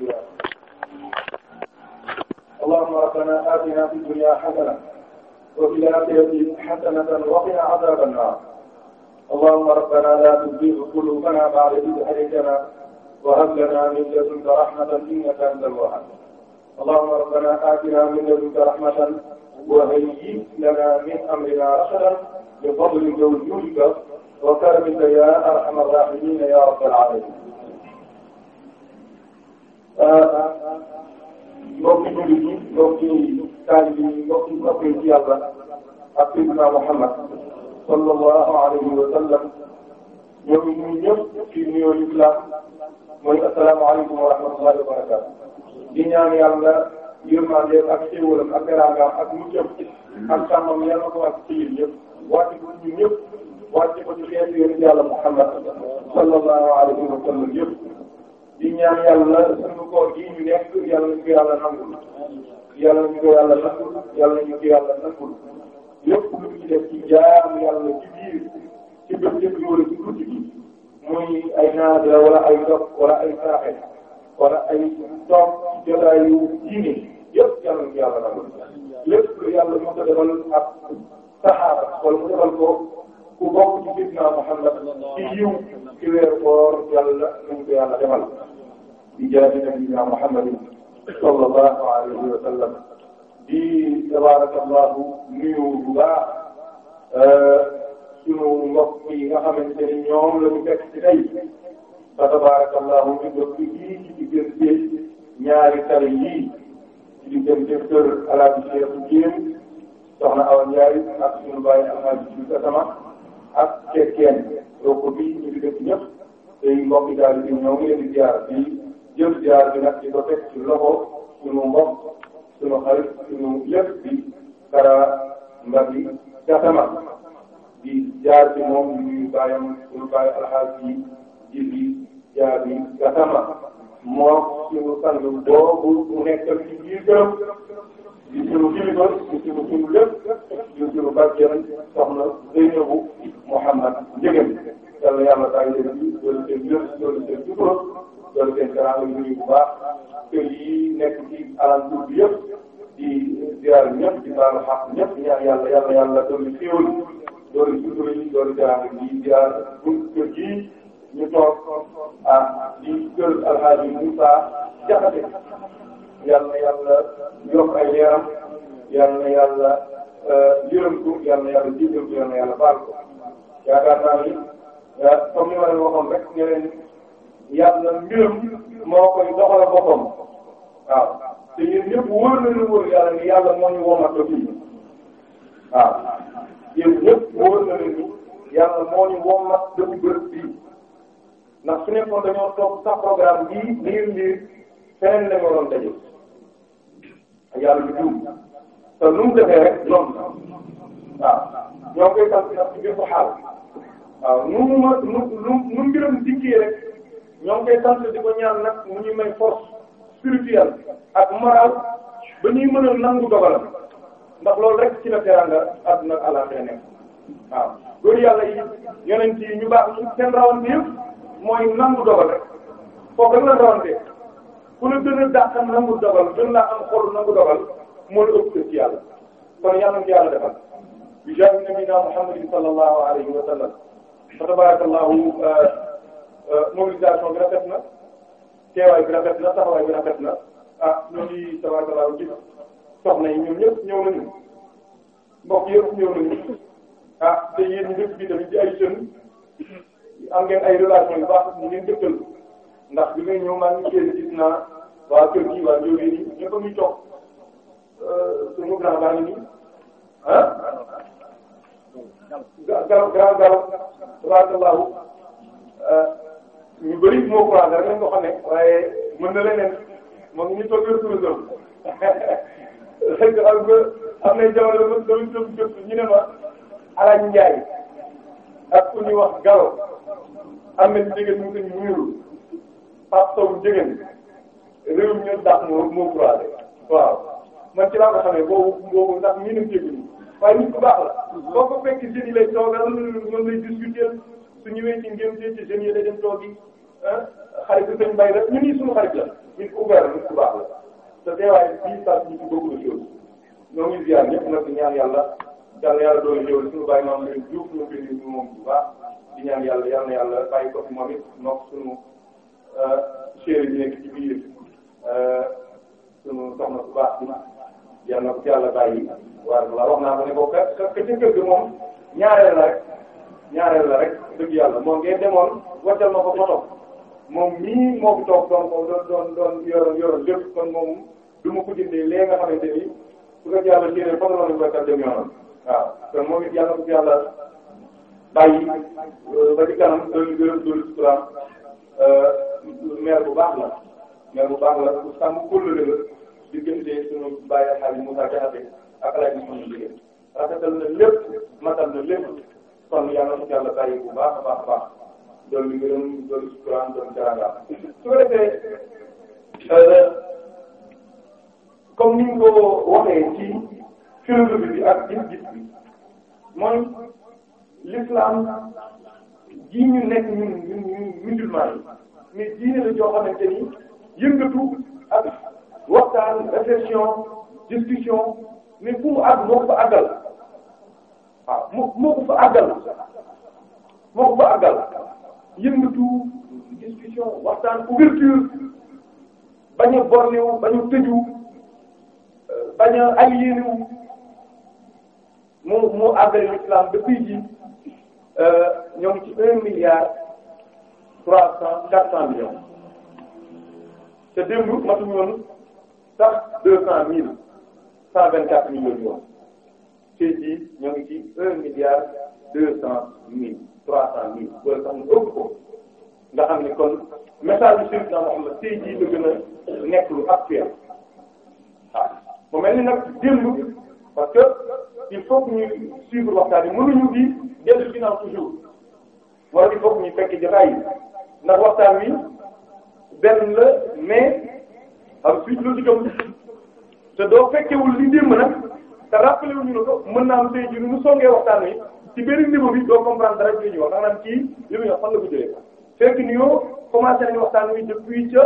والديار اللهم ربنا آتنا في الدنيا حسنة وفي الآخرة حسنة وقنا عذاب النار اللهم ربنا لا تزغ قلوبنا بعد إذ هديتنا وهب لنا من لدنك رحمة إنك أنت الوهاب اللهم ربنا آتنا من لدنك رحمة وهيئ لنا من أمرنا رشدا بفضلك وجودك وكرمك يا أرحم الراحمين يا رب العالمين mbokk jullit yi mbokk taal yi mbokk soppee ci yàlla ak Seydina Muhammad sallallahu alayhi wa sallam ñoom ñu ñëpp ci nuyoo islam mooy asalaamaaleykum wa rahmatullahi wa barakaatu di ñaan yàlla yërmande ak xéewalam ak teraangaam ak muccam ak sàmmam yàlla ko wàcc ci yéen ñëpp wàcc ko ñun ñëpp wàcc ko ci xeetu yéen yàlla Muhammad sallallahu alayhi wa sallam yëpp di ñaan yàlla sunu koor gi ñu nekk yàlla ñu ko yàlla nangul yàlla ñu ko yàlla nangul yàlla lu ñu ci jaamu yàlla ci biir ci bëccëg bi wala ci guddi gi muy ay naada wala ay dox wala ay saaxe wala ay toog jotaayu diine yëpp yàlla ñu ko defal ak saxaaba wala mu defal ko ku bokk ci sidna Muhammad ci yiw ci weer koor yàlla nañ ko yàlla defal di jaati nabiyina Muhammadin sallallahu alayhi wa sallam di tabarakallahu nuyu bu baax euh, sunu mbokk yi nga xamante ni ñoom la ñu fekk ci tey fa tabarakallahu ñu dëkk yii ci diggante ñaari tali yii ci diggante kër Alaaji Cheikh Jéem soxna Awa Ndiaye ak sunu baay Alaaji Sama ak cekkeen donc bi ñu ngi def ñëpp tey mbokk daal bi ñoo ngi jaar di jël jaar bi nag di ko teg ci loxo sunu mbokk sunu xarit sunu lépp bi Kara Mbagnick Gassama di jaar ci moom ñuy bàyyam sunu bàyyi alxaaj yi ji bi jaar bi sunu sang boobu mu nekkal ci biir këram di suñu kilifa di suñu suñu di suñu bàjjen soxna Zeynabu Mouhamad Ndiéguène yàlla yàlla bàyyi leen doolu seen lépp doolu seen sutura doolu seen garaaw yi bu baax kër yi nekk ci alentour bi yëpp di ziar ñëpp di baalu xaq ñëpp ñaan yàlla doolu xéewal doolu sutura yi doolu garaaw yi ziar kër ñu toog ah di kër Alhaji Moussa Diakhaté yal na yàlla yokk ay yal na yàlla euh, yërëm ko yal na yàlla jéggal ko yal na yàlla baal ko yaakaar naa ni euh, comme ni ma ne moo koy doxal boppam waaw te yéen ñëpp wóor nañu wóor yàlla ni yàlla moo ñu womat ba fii waaw yéen ñëpp wóor na leen ni yàlla moo ñu womat dëgg bërëb bii ndax su nekkoon dañoo toog sax programme bii mbir mbir feneen la ñu waroon daje yàlla du juum te nu mu defee rek noonu waaw ñoo koy sant ndax ci biir ko xaal waaw nu mu ma nu nu mbiram dikkee rek ñoo koy sant nag mu ñuy may force spirituelle ak morale ba ñuy mën a nangu dogalam ndax loolu rek ci la teranga àdduna ak waaw góor yàlla yi yonent yi ñu baax ñu seen rawante yëpp mooy nangu dogal rek foofu rek la rawante ku la gën a dàqan nangu dogal gën laa am xol nangu dogal moo la ëpp ci yàlla kon yàlla na yàlla defal bi jaabi nabina muhammadin sallallahu alayhi wa sallam fa tabarakallahu euh, euh, mobilisation bi rafet na teewaay bi rafet na taxawaay bi rafet na ah ñoo ngi tabarakallahu soxna yi ñoom ñëpp ñëw nañu mbokk yëpp ñëw nañu ah te yéen ñëpp bi tamit di ay jeunes am ngeen ay relation yu baax ñu ngeen dëkkal ndax bi nga ñëw maa ngi gis naa waa kër gi waa jógee nii ñëpp a ngi toog suñu grand baa ngi nii ah garab garab garab tabarakallahu ñu bëri moo ko waral rek nga xam ne waaye mën na leneen moom ñu toog kër suñu doom xëy na am na am na jamono ba doon jëm jëm ñu ne ma Alaaji Ndiaye ak ku ñuy wax Galo am nañu jigéen mu ngi ko ñuul Pape Sow jigéen. réew mi ñoom dàq moo moo waaw man ci laa ko xamee boobu boobu ndax ñu ne jéegul waaye nit ku baax la. boo ko fekk jeunes yi lay toogal ñoom lay discuter su ñëwee ci ngéem ci jeunes yi lay dem toog yi ah xarit bi sëñ Baye rek ñu nii suñu xarit la la te teewaay bii sax ñu ci beaucoup de choses ñoo ngi ziar ñëpp nag di ñaan yàlla yàlla yàlla doole ñëwal suñu bàyyi maam leen juuf ñu bind ñu moom bu baax di ñaan yàlla yàlla na yàlla bàyyi ko fi moom it nokk suñu ah, Euh, sunu soxna su baax bi yal na ko ci yàlla bàyyi waaye la wax naa ko ne ko ka ka ca kër ga moom ñaareel la rek ñaareel la rek dëgg yàlla moom ngeen demoon wàccal ma ko foto moom mii moo ko toog doon ko doon doon doon yoroon yoroon lépp kon moom du ma ko jëndee léegi nga xamante ni su ko yàlla jëlee foog nga doon wàccal dem yoonam waaw kon moom it yàlla ko ci yàlla bàyyi ba ci kanam doon gërëm doon sutura euh, maire bu baax la. mais bu baax la bu sàmm kóllëre la diggante suñu bàyyi xel Moussa Diakhaté ak El Hadj Moussa Diakhaté rafetal na lépp matal na lépp kon yàlla na yàlla bàyyi bu baax a baax a baax loolu ngërëm loolu sukuraan loolu jaraangaam su ko defee euh, comme ni ñu ko waxee ci philosophie bi ak gis-gis bi mooy l'islam ji ñu nekk ñun ñun ñun musulman yi mais diine la joo xamante ni. yëngatu ak waxtaan réflexion discussion mais fu mu àgg moo ko fa àggal moo moo ko fa àggal moo discussion waxtaan ouverture bañ a borné tëju euh, bañ a aliéné wu moo moo àggali ji euh, ñoo ci un milliard trois cent quatre cent millions. te sa matuñu woon sax deux cent mille cent vingt quatre millions ñu woon tey jii ñoo ngi ci un milliard deux cent mille trois cent mille wala sax ñu ëpp ko nga xam ni kon message bi Seydina Muhammad tey jii la gën a nekk lu actuel waaw mu mel ni nag démb parce que il faut que ñu suivre waxtaan yi mënuñu di dellu ginnaaw toujours wala il faut que ñu fekk jotaay yi ndax waxtaan wi. benn la mais am suite logique am te doo fekkewul li démb nag te rappelé wu ñu ne ko mën naa am nu mu songee waxtaan wi ci benn niveau bi doo comprendre dara li ñuy wax maanaam kii li muy wax fan la ko jëlee fekk ni yow commencé nañu waxtaan wi depuis ca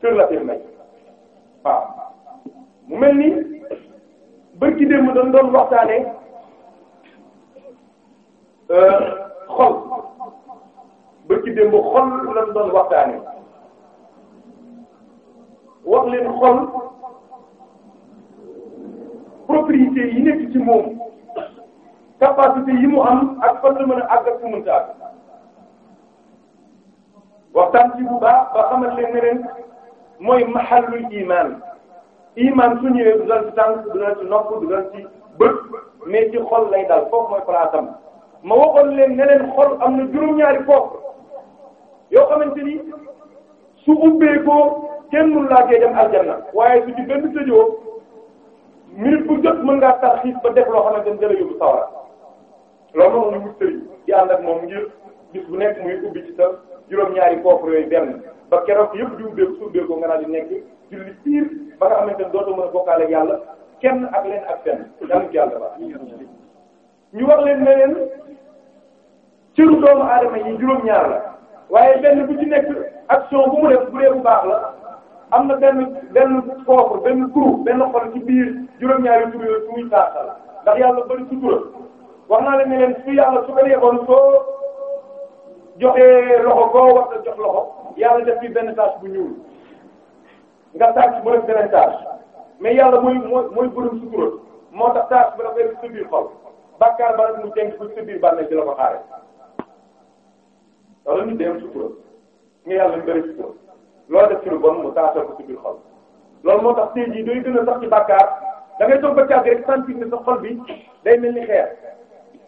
kër la na may waaw mu mel ni bërki démb dañ doon waxtaanee euh, xol bërki démb xol lañ waxtaan waxtaanee. wax leen xol propriété yi nekk ci moom capacité yi mu am ak fan la mën a àgg ak fu mënta àgg waxtaan ci bu baax ba xamal leen ne leen mooy maxallul iman iman su ñëwee du dal ci tànk du dal ci nopp du dal ci bët mais ci xol lay dal foofu mooy place ma waxoon leen ne xol am na juróom-ñaari foofu yoo xamante ni su ubbee kenn mënu laa koy dem aljana waaye su ci benn tëjoo minute bu jot mën ngaa tarxiis ba def loo xamante ni dala yóbbu sawara loolu moom ñu wut sëriñ di ànd moom ngir bis bu nekk muy ubbi ci sa juróom-ñaari koofar yooyu benn ba keroog yëpp di ubbeeku ba nga xamante a bokkaale yàlla kenn ak leen ak fenn yàlla ñu wax leen ne leen juróom-ñaar la waaye benn bu ci nekk action bu mu def bu dee bu baax la am na benn benn foofu benn turu benn xol ci biir juróom-ñaari tur yooyu muy taatal ndax yàlla bari sutura wax naa leen ne leen su yàlla su ko neexoon soo joxee loxo koo war a jox loxo yàlla def fi bu ñuul nga tache bu def beneen tache mais yàlla mooy mooy mooy borom sutura moo tax tache bu def sa biir xol bàkkaar ba rek mu denc ko sa biir bànneex ci la ko xaare wala ñu dem sutura nga yàlla ñu bari sutura loo def ci lu bon mu taasal ko ci xol loolu moo tax tey jii day gën a sax ci bàkkaar da ngay toog ba càgg rek sentir sa xol bi day mel ni xeer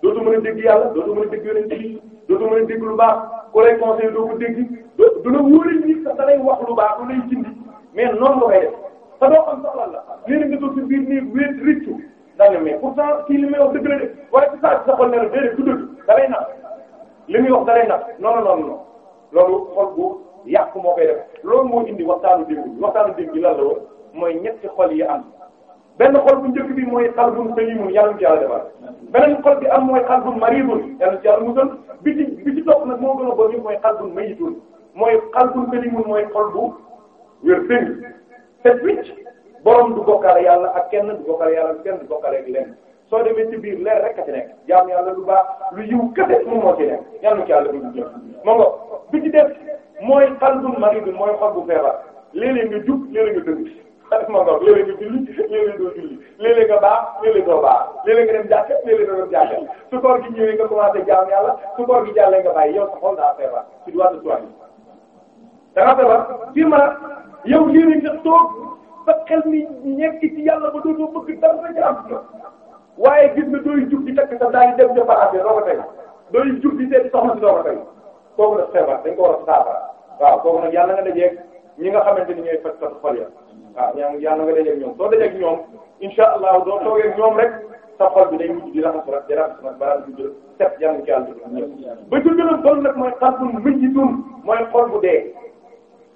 dootu mën a dégg yàlla dootu mën a dégg yonent bi dootu mën a dégg lu baax ku lay conseillé doo ko dégg doo du la wóore ni sax da wax lu baax lu lay jindi mais noonu la koy def te doo xam sax lan la léegi nga toog ci biir nii wéet rëccu daan na mais pourtant kii li may wax dëgg la de waaye ci saa si sa xol ne la déedéet du dëgg da lay li muy wax da lay nax non yàq moo koy def loolu moo indi waxtaanu démb bi waxtaanu démb bi lan mooy ñetti xol yi am benn xol bu njëkk bi mooy qalbun salimun yàlla ci yàlla defal beneen xol bi am mooy qalbun maridun yàlla ci yàlla musal bi ci bi ci topp nag moo gën a bon mooy qalbun mayitun mooy mooy xol bu wér sëñ te tuuti borom yàlla ak kenn du bokkaale yàlla kenn du bokkaale soo demee ci biir leer rek a ci nekk jaam yàlla lu baax lu yiw kese moom moo ci yàlla ci yàlla bi ci def. mooy qalbun maridun mooy xol bu feebar léeg-léeg nga jub léeg-léeg nga dëng ma nga léeg-léeg nga julli léeg-léeg doo julli léeg-léeg nga baax léeg-léeg doo baax léeg-léeg nga dem jàkka léeg-léeg nga dem jàkka su koor gi ñëwee nga commencé jaam yàlla su koor gi jàllee nga bàyyi yow sa xol daa feebar ci doit de ma yow léegi nga toog sa xel mi ñekk ci yàlla ba dootoo bëgg dara sa jaam waaye gis nga dooy jub di takk sa daal di dem jëfandikoo doo ko tey dooy jub di seet soxna si doo ko tey kooku nag feebar dañ ko war a saafara waaw kooku nag yàlla nga dajeeg ni ñooy faj faj xol ya waaw ñoom yàlla nga dajeeg ñoom sa xol bi day di raxasu rek di raxasu di jël ba ci gën a bon nag mooy xalbun mayitun mooy xol bu dee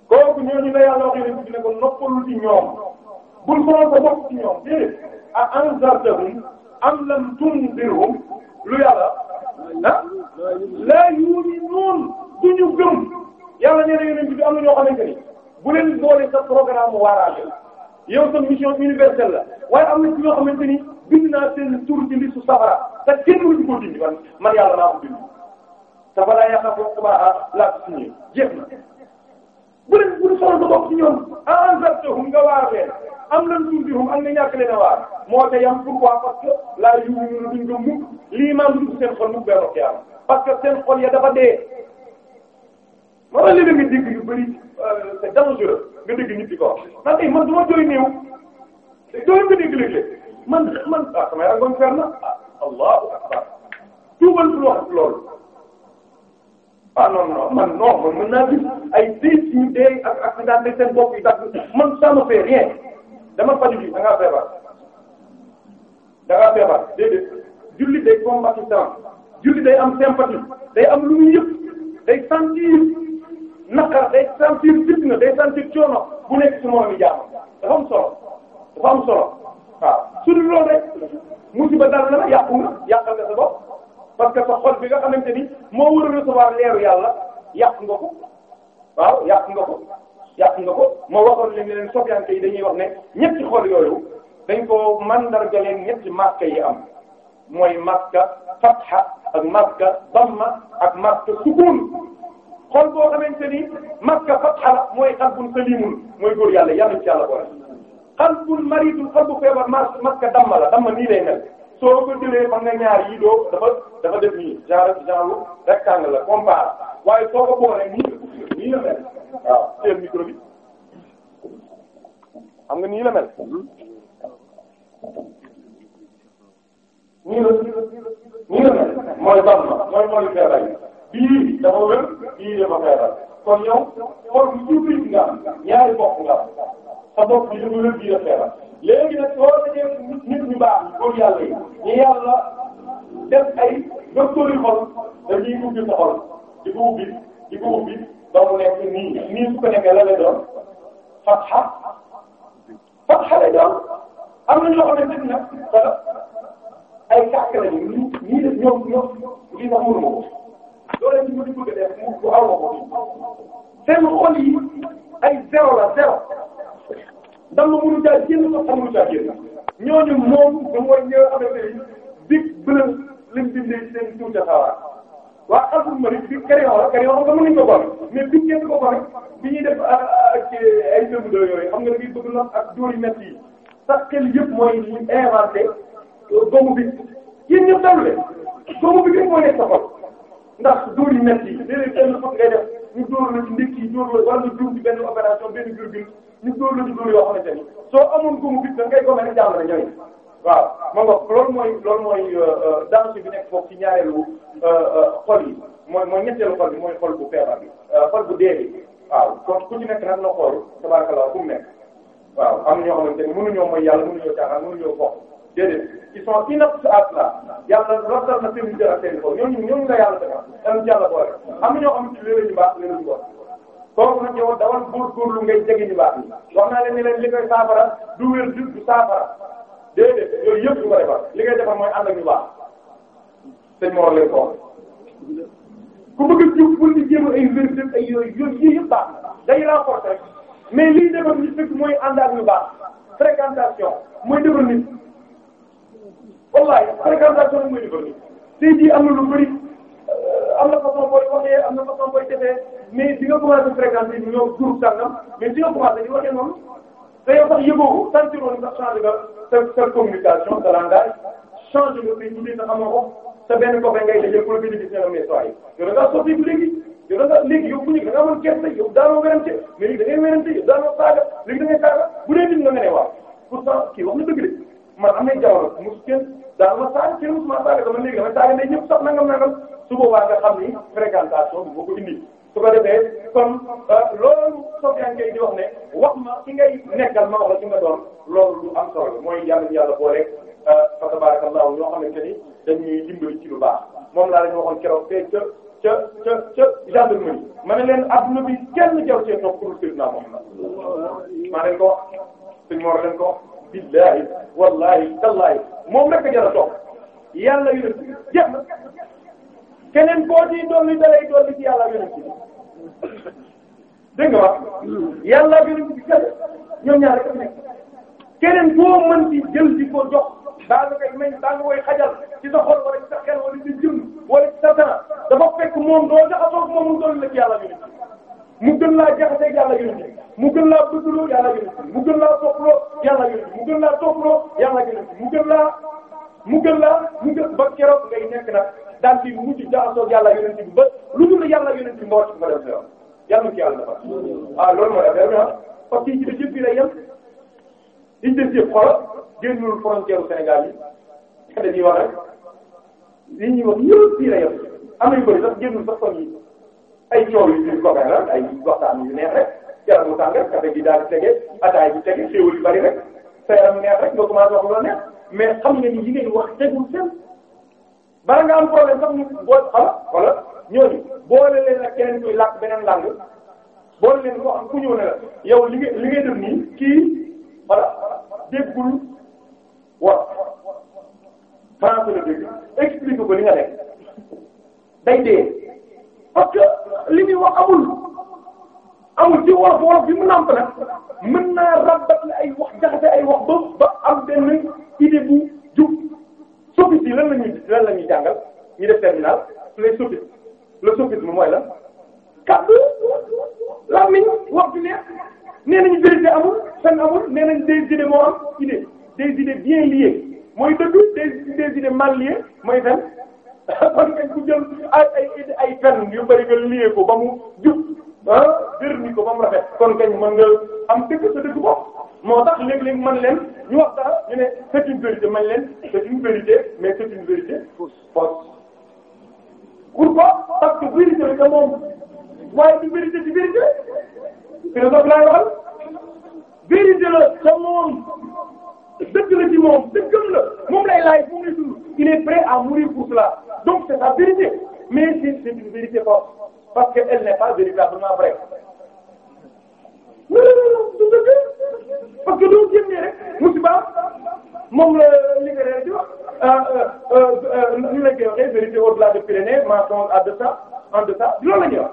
kooku ñooñu la yàlla waxee ne ne ko noppalu ci ñoom bul ko ko bokk ci ñoom déedéet a anzartahum am lam lu yàlla ah laa yu'minuun du ñu gëm yàlla nee na yonent bi am na ñoo xamante ni bu leen boole sa programme waaraate yow sa mission universelle la waaye am na ci ñoo xamante ni bind naa seen tur ci listu safara te kenn mënuñu ko dindi man man yàlla naa ko dindi safara yàlla naa ko xabaar laa ko signé jeex na. bu leen bu ñu sonal sa bopp ci ñoom anzartahum nga waar leen am lan tunzirhum ak nga ñàkk leen a waar moo te yam pourquoi parce que la yu'minuna duñ ko mukk liimaan dugg seen xol mukk benn xiyaam parce que seen xol ya dafa dee. moo tax léeg-léeg nga dégg yu bëri euh, c'est dangereux nga dégg nit di ko wax man tey man du ma jooy néew te jooy nga dégg léeg-léeg man man ah sama yaram nga fer na ah allahu akbar tuubal lool lool. ah non non man non man naa gis ay dix ñu dee ak accident de seen bopp yi dagg man ça me rien dama faju bi da ngaa feebar da ngaa feebar déedéet julli day compatissant julli day am sympathie day am lu muy yëpp day sentir naqar day sentir fitna day sentir coono bu nekk si morom yi dafa am solo dafa am solo waaw su dul loolu rek musiba dal na la yàqu nga yàqal sa bopp parce que sa xol bi nga xamante ni moo war a recevoir leeru yàlla yàq nga ko waaw yàq nga ko yàq nga ko moo waxoon leen leen sofiante yi dañuy wax ne ñetti xol yooyu dañ ko mandargalee ñetti marka yi am mooy marka fatha ak marka damma ak marka sukun xol boo xamante ni marka fatha la mooy qalbun salimun mooy góor yàlla yàlla ci yàlla boole qalbul maridul qalbu feebar marka damma la damma nii lay soo ko jëlee xam ñaar yi dafa def nii genre genre rectangle la comparé waaye soo ko boolee nii nii la mel waaw seen micro bi xam nga nii la mel nii la mel mooy bam ma mooy mooy feebar bii dafa wér bii dafa feebar kon yow forme tuuti nga am ñaari bopp nga sa bopp bi dafa wér bii dafa feebar léegi nag soo dajee nit ñu baax góor yàlla yi ñu yàlla def ay docteur yu xol dañuy ubbi sa xol di ko ubbi di ko ubbi donc nekk nii nii su ko nekkee la lay doon fatxa fatxa lay doon am na ñoo xamante ni nag ay nii nii la ñoom ñoom lii sax ko loolee ñu bëgg a def mu aw ma ko seen xol yi ay zéro la zéro ndax ma mënu caa génn sax mënu caa génn ñooñu moom mooy ñëw dig bële lim bindee seen tuuti xawaar waa alxem ma bi kariwaar kariwaar xam nga mënuñ ko boole mais biñ kenn ko boole bi ñuy def ci ah, ah, eh, ay lëb yooyu xam nga da ngay bëgg lool ak dóor yu métti yi sax xel yëpp mooy ñu inventé doomu euh, bi yéen ñëpp dalu leen doomu bi gën moo nekk sa xol ndax dóor yu métti yi léeg-léeg kenn fot ngay def ñu dóor la ci ndekki yi dóor la wala ñu dóor ci benn opération benn virgule ñu dóor la ci dóor yoo xamante ni soo amoon doomu bi da ngay ko mën a jàllale ñooy. waaw ma ngoog loolu mooy loolu mooy euh, euh, danger bi nekk foofu ci ñaareelu euh, xol yi mooy mooy ñetteelu xol bi mooy xol bu feebar bi xol bu dee bi waaw kon ku ci nekk nag na xool tabarakallah fu mu nekk waaw am na ñoo xamante ne mënuñoo mooy yàlla mënuñoo caaxaan mënuñoo bokk déedéet ils sont inaptes à cela yàlla lottal na seen jël ak seen xol ñooñu ñooñu la yàlla defal dañu yàlla boole am na ñoo xam ci léeg-léeg ñu baax léeg-léeg ñu bon kooku nag yow dawal góorgóorlu ngay jege ñu baax wax naa leen ne leen li du déedéet yooyu yëpp du ko defar li ngay defar mooy ànd ak ñu baax sëñ Mor leen ko wax ku bëgg a jub pour di jéem ay vertus ay li de yëpp baax day renforcer rek mais liy defar nit mooy ànd ak ñu baax fréquentation mooy defar nit wallahi fréquentation mooy defar nit tey jii am na lu bëri euh, am na façon booy waxee am na façon booy defee mais di nga commencé fréquenté ñoom groupe sangam mais di nga commencé di waxee noonu. te yow sax yëgoo ko sentir nga changé nga sa sa communication sa langage changé nga say dundin nga xamoo ko sa benn copain ngay dajale pour bénéficier ne la mais saa yi yow da ngaa sotti léegi yow da ngaa léegi yow bu ñu da ngaa mën gerte yow daanoo werante mais léegi da ngay werante yow daanoo saaga léegi da ngay saaga bu dee nit nga nga ne waaw pourtant kii wax na dëgg de man am nay jamono mosu ma saaga kenn mosuma saaga dama léegi dama saaga ne ñëpp sax nangam nangam su boobaa nga xam ni fréquentation bi moo ko indi. su ko defee comme euh, loolu Sofiane Gueye di wax ne wax ma ci ngay nekkal ma wax la ci nga doon loolu am solo mooy yàlla ñu yàlla boole euh, fa tabarakallahu ñoo xamante ni dañuy dimbali ci lu baax moom laa leen waxoon keroog te ca ca ca ca gendarmerie ma ne leen adduna bi kenn jaw cee toog pour Seydina Muhammad maa leen ko wax suñ moor leen ko wax billahi wallahi tallahi moom rek a jar a toog yu def jeex keneen koo ciy dolli dalay dolli ci yàlla yonent bi dégg nga wax yàlla yonent bi kenn ñoom ñaar rek nekk keneen koo mën ci jël di ko jox daa nga koy xajal ci sa xol wala ci sa xel wala ci sa jëm wala ci sa dara dafa fekk moom doo jaxasoo moom mu dolli la ci yàlla yonent bi mu gën laa yàlla yonent bi mu gën laa bëggloo yàlla yonent bi mu gën laa topploo yàlla yonent bi mu gën laa topploo yàlla yonent bi mu gën laa mu gën laa mu gën ba keroog ngay nekk nag daal di mujj jaxasoo yàlla yonent bi ba lu dul yàlla yonent bi moo ci fa def yoon yàlla ci yàlla defal waaw loolu mooy affaire bi ah parce que ci des yëpp fii lay yem liñ des yëpp xoolal génnul frontière Sénégal yi dañuy wax rek li ñuy wax yëpp fii lay yem am nañu bëri sax génnul e comme yi yu ñu ko fexe ay waxtaan yu neex rek yàlla mu tàng rek café gi daal di tege ataay bi tege yu bari rek sa yaram neex rek nga commencé wax lu neex mais xam ni yi ngay wax tegul seen bala nga am problème sax ñu boo xam wala ñooñu boole leen ak keneen ñuy làkk beneen langue boole leen koo xam ku ñëw ne yow li nga li nii kii voilà déggul wa français la explique ko li nga nekk day dee parce li muy wax amul amul ci wolof bi mu nàmp nag mën naa rabat la ay wax jaxase ay wax ba ba am benn idée bu jub sophiste yi lan la ñuy lan la ñuy jàngal ñu def terminal les sophistes le sophisme mooy lan kaddu làmmiñ wax du neex nee nañu vérité amul fen amul nee mo des idées moo am idée des idées bien liées mooy dëgg des des idées mal liées mooy fen kon kañ ku jël ay ay ay fen yu bari nga lié ko ba mu jub ah jërëjëf ko ba mu rafet kon kañ mën nga am dëgg sa dëgg bopp. moo tax léeg-léeg man leen ñu wax dara ñu ne c'est une vérité man leen c'est une vérité mais c'est une vérité fausse pourquoi parce que vérité bi que moom waaye du vérité ci vérité philosophe laay waxal vérité la te moom dëgg la ci moom dëggam la moom lay laaj moom lay dund il est prêt à mourir pour cela donc c'est sa vérité mais c'est une vérité fausse parce que elle a pas véritablement vraie mu ne la parce que doo génnee rek musiba moom la libéral di wax ñu euh, euh, euh, lañ koy waxee vérité au-delà des Pyrénées mensonge à deçà en deçà loolu la ñuy wax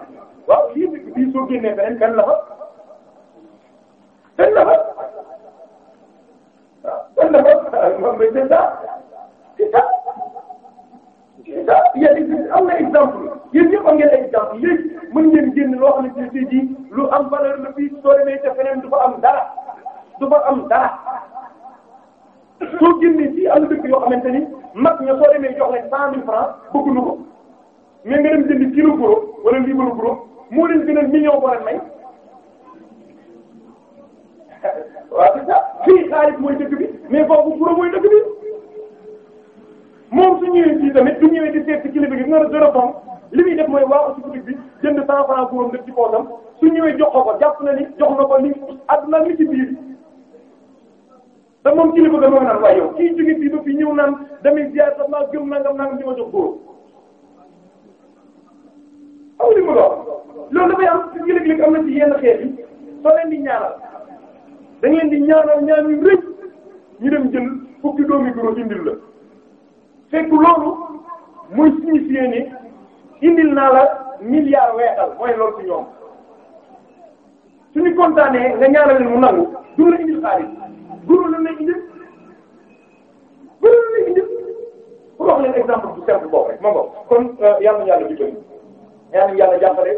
waaw lii bii soo génnee feneen kan la fa kan la fa waaw kan la fa moom mooy c'est ça c'est ça. yéen am na exemple yéen ñëpp am ngeen exemple léegi mën ngeen génn loo xam ne ci ji lu am valeur la fii soo demee ca feneen du fa am dara du fa am daa soo génnee ci am dëkk yoo xamante ni mag ña soo demee jox leen cent mille francs bëgguñu ko mais nga dem jëndi kilo guro wala libre guro moo leen gënal million boo may waaw c'est ça fii xaalis mooy dëkk bi mais foofu guro mooy dëkk bi. moom su ñëwee fii tamit du ñëwee di seet ci kilifa gi dina li muy def mooy waa ci boutique bi jënd 100 francs bu woon def ci poosam su ñëwee jox ko ko jàpp na ni jox na ko li àdduna li ci moom kilifa ga moo naan waaye yow kii jóge fii ba fii ñëw naan damay ziar sax maa gëm nangam nangam di ma jox góor aw li mu doon am na ci yenn xeet yi soo leen di ñaanal da ngeen di ñaanal ñaan yu rëy ñu dem jël fukki doomi góor indil la. fekk loolu muy signifier ne indil naa la milliard weexal mooy loolu ci ñoom suñu kontaanee nga ñaanal leen mu nangu du la indil xaalis guru la lay indil guru la lay indil pour wax leen exemple bu simple boobu rek ma ngo kon euh, yal nañu yàlla jubbali yal nañu yàlla jàppale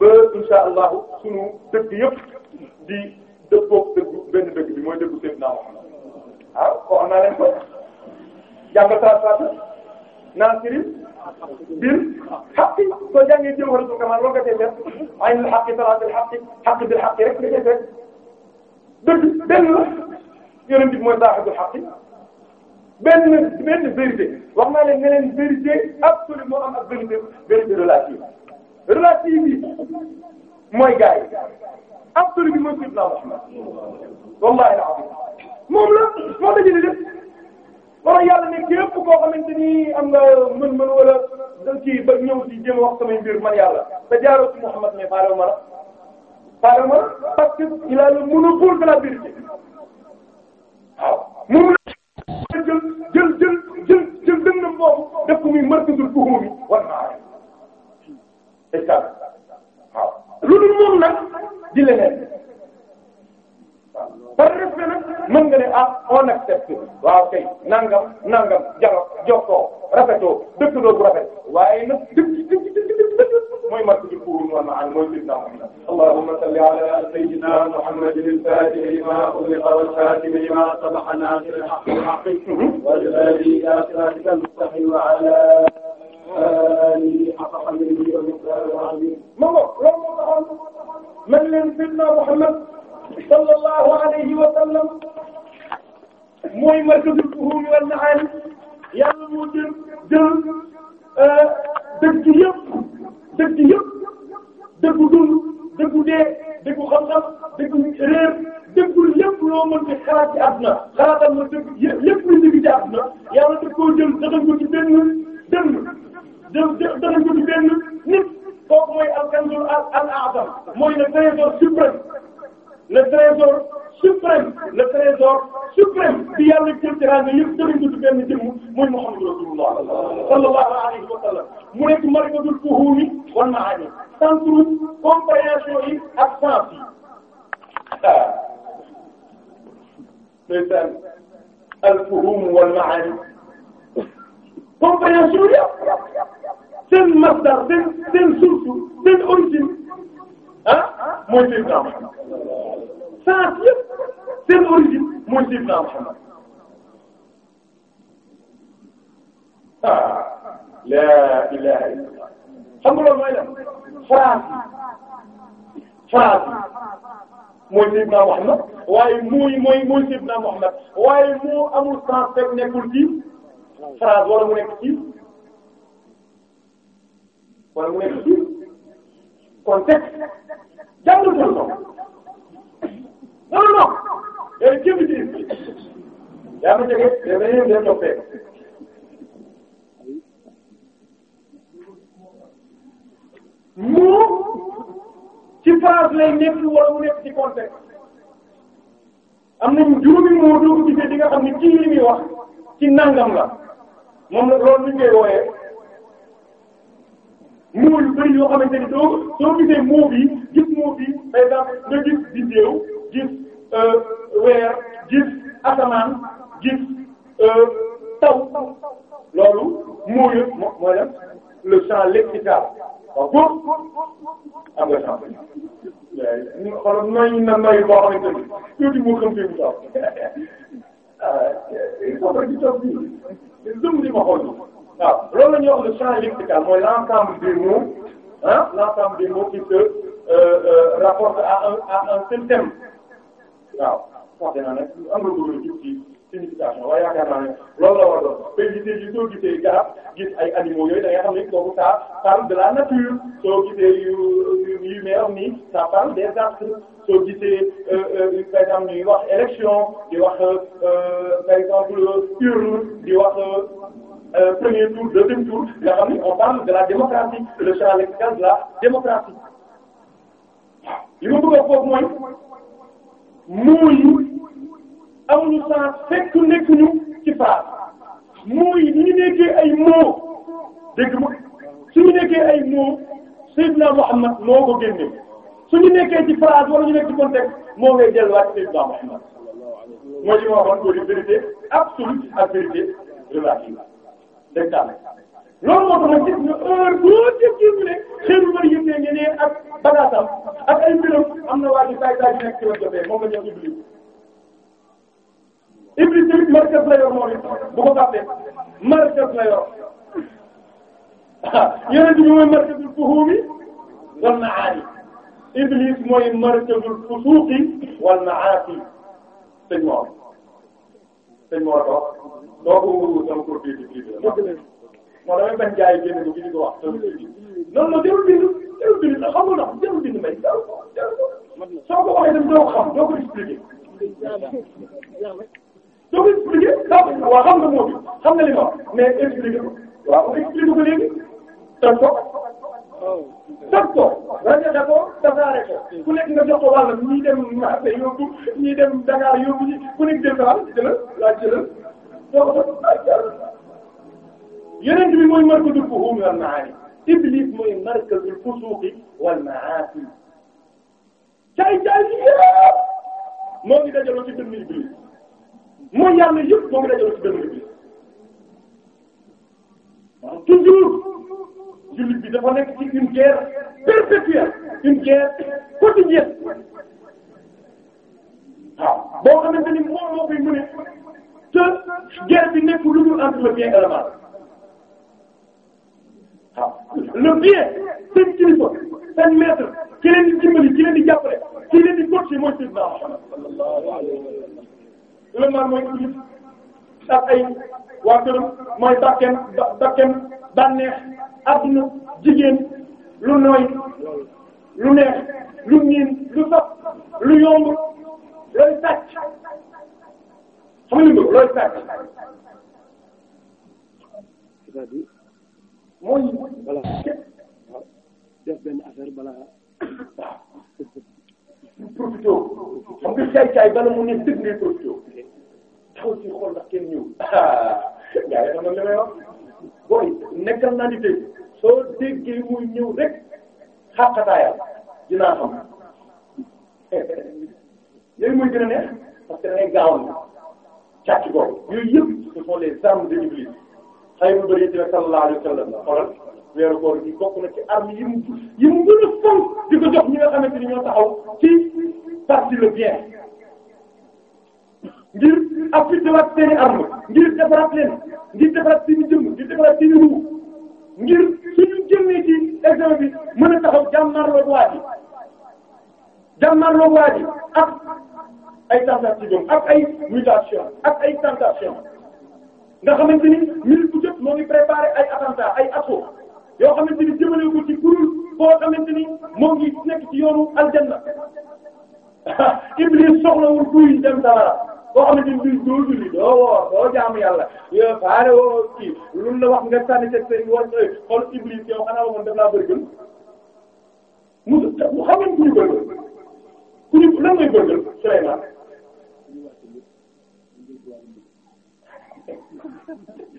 ba insha allahu sunu dëkk yëpp di dëppoo dëggu benn dëgg bi mooy dëggu Seydina Muhammad ah, waaw ko xam naa leen ko jàppal salaatu faatiha naasiri bil haqqi soo jàngee jawharatul kamal loolu nga koy def aynul haqqi salaatul haqqi haqqi bil haqqi rek nga koy def dëgg benn la yonent bi mooy saaxibul haqqi benn benn vérité wax naa leen ne leen vérité absolue moo am ak vérité vérité relative relative bi mooy gars yi absolue bi mooy Seydina Muhammad wallahi alazim moom la moo dajale lépp war yàlla ne képp koo xamante ni am mën-mën wala da ci ba ñëw ci jéem wax samay mbir man yàlla te jaaroo ci Muhammad ne faalewu ma la faalewu ma la parce que il a le monopole de la vérité waaw moom la jël jël jël jël jël dëndam boobu def ko muy markazul tuhum mi war naa rek. lu dul moom nag di leneen. par respect nag mën nga ne ah on accepte waaw kay nangam nangam jalo jokkoo rafetoo dëkk doo bu rafet waaye nag dëkk dëkk dëkk mooy mark ji pour wal ma'an mooy sidna Muhammad allahumma salli ala sayyidina Muhammad al-fatih lima ughliqa wal-khatim lima sabaqa nasir al-haqq bil-haqq wal-hadi ila siratika al-mustaqim wa ala alihi haqqa qadrihi wa miqdarihi al-azim man leen sidna Muhammad sallallahu alayhi wa sallam mooy markazul fuhumi wal maani yàlla moo jël jël euh, dëgg yëpp dëgg yëpp dëggu dund dëggu dee dëggu xam-xam dëggu réer dëggul lépp loo mën di xalaat ci àdduna xalaatal ma dëgg lépp lu dëgg ci àdduna mooy alkanzul al al a'zam mooy le trésor suprême le trésor suprême le trésor suprême bi yàlla jël ci rajo yëpp jëriñ ko ci benn jëmm muy Muhammadu Rasulullah sallallahu alayhi wa sallam mu nekk markatul fuhumi wal maani centre compréhension yi ak sens yi. ah. ndeysaan al fuhum wal maani compréhension yëpp seen masdar seen seen source seen origine. ah mooy Seydina Muhammad sens yëpp seen origine mooy Seydina Muhammad ah la ilaha illallah xam nga loolu mooy lan phrase yi phrase yi mooy Seydina Muhammad waaye mooy mooy mooy Seydina Muhammad waaye moo amul sens fekk nekkul ci phrase wala mu nekk ci wala mu nekk ci kon teg jàngul ko non non day jënd jiw yaa ngi jógee day day yëngu day toppee mu ci phrase lay nekk wala mu nekk ci contexte am nañu juróomi moo doo ko gisee di nga xam ne kii li muy wax ci nangam la moom la loolu li ñu koy wooyee. mots yu bëri yoo xamante ni soo soo gisee mot bi gis mot bi par exemple nga gis vidéo gis euh, weer gis asamaan gis euh, taw loolu mot yëpp moo moo dem le champ lexical waaw pour am nga champ xoolal nooy na nooy boo xamante ni tuuti moo xam fii mu taw ah il faut que ñu toog fii dëgg di ma xool waaw loolu la ñuy wax le champ lexical mooy l'ensemble des mots ah l'ensemble des mots qui se euh, euh, rapportent à un à un seul thème waaw wax dëgg yàlla nag am na lu ci signification waaye yaakaar naa ne loolu la a doon tey gisee soo gisee garab gis ay animaux yooyu da nga xam ne kooku ça parle de la nature soo gisee yu yu mel nii ça parle des arbres soo gisee euh, par exemple ñuy wax élection di wax par exemple urne di wax. Euh, premier tour deuxième tour nga xam ni on parle de la démocratie le champ la démocratie li ma bëgg a foofu mooy mooy amuñu sens fekk nekkuñu ci phrase mooy ni ñu nekkee ay mots dégg nga suñu nekkee ay mots Seydina Muhammad moo ko génne suñu nekkee ci phrase wala ñu nekk ci contexte moo ngay delluwaat Seydina Muhammad mooy li ma waxoon pour une vérité absolue ak vérité relative day taale loolu moo tax nag gis nga heure ne xëy na ne ak bagaasam ak ay mbiram am na waa ji saay saay nekk ci la jotee moom la ñu Iblis Iblis tamit markas la yor moom it bu ko fàttee markas la yor yeneen yi mooy markasul fuhuumi wal Iblis mooy markasul fusuuqi wal maasi sëñ Mor sëñ Mor doo sama produit bi privé la. non damay bañ jaay génn ko gis ko wax. non non jarul bind jarul bind ndax xam nga ndax jarul bind may jarul jarul soo ko waxee dem doo ko xam doo ko expliqué. doo ko expliqué waaw xam nga moo xam nga li ma wax mais expliqué ko waaw expliqué ko léegi toj ko. toj ko rajo ko tasaare ko ku nekk nga jox ko wàllam ñii dem marché yóbbu ñii dem Dakar yóbbu ñi ku nekk jël sa wàll jëlal waa jëlal. yeneen bi mooy markazul fuhum wal maani iblis mooy markazul fusuqi wal maasi caay caay yëpp moo ngi dajaloo ci dënnu iblis mooy yàlla yëpp moo ngi dajaloo ci dënnu iblis waaw toujours jullit bi dafa nekk ci une guerre perpétuelle une guerre quotidienne waaw boo xamante ni moom moo koy mëne te guerre bi nekkul lu dul entre le bien et le mal waaw le bien seen kilifa seen maître ki di dimbali ki leen di jàppale ki leen di coacher mooy Seydina Muhammad le mal mooy Iblis ak ay waa këram mooy bakkan bakkan bànneex adduna lu nooy lu neex lu niin lu sax lu yomb looy xamuñu ko loolu si c'est-à-dire mooy voilà def benn affaire balaa. profité xam nga caay caay bala mu ne dëgg ngay profité taxaw ci xool ndax kenn ñëw yaa ngi xam li may wax booy nekkal naa di dégg soo déggee muy ñëw rek xaqataayal dinaa muy gën a neex parce càcc boobu yooyu yëpp ce sont les armes de l'Iblis xëy na bëri ci la sallallahu alayhi wa sallam xoolal bokk na ci arme yi mu yi mu a fonk ko jox ñi nga xamante ni ñoo taxaw ci parti le bien ngir affichewaat seen i arme ngir defaraat leen ngir defaraat seen i jëmm ngir defaraat seen i ruu ngir suñu jëmmee ci exemple bi mën a taxaw jàmmarloo waa ji jàmmarloo waa ji ak. ay tentatives ak ay mutations ak ay tentations nga xamante ni minute bu jot moo ngi préparé ay attentats ay assauts yoo xamante ni jëmale ko ci kuréel boo xamante ni moo ngi nekk ci yoonu aljanna Iblis soxlawul kuy dem sawara boo xamante ni duñ doo julli doo woor doo jaamu yàlla yow faale woo kii luñ la wax nga sànni sa sëriñ woon xool Iblis yow xanaa waxoon daf laa bëri gën mu xam ngeen ku ñu bëri ku ñu lan mooy bëri gën Souleymane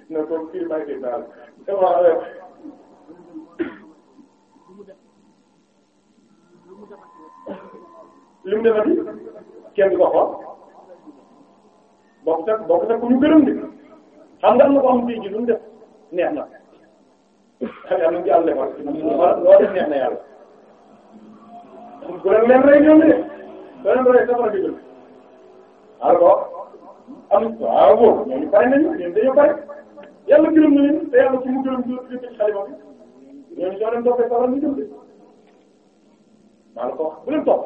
ne ko kii Macky Sall damaa rek. li mu defati kenn du ko xool bokk teg bokk teg ku ñu gërëm di xam nga am na ko am tey ji lu mu def neex na yàlla nañu ci àll defal loo def neex na yàlla. bu leen leen rey ñoom de doo leen rey safara bi alors am waaw boobu ñooñu bàyyi nañu ñoom dañoo bàyyi yàlla gërëm na leen te yàlla ci mu gërëm gërëm gërëm xalima bi ñooñu soo leen toppee faral ñu jëm de maa la ko wax bu leen topp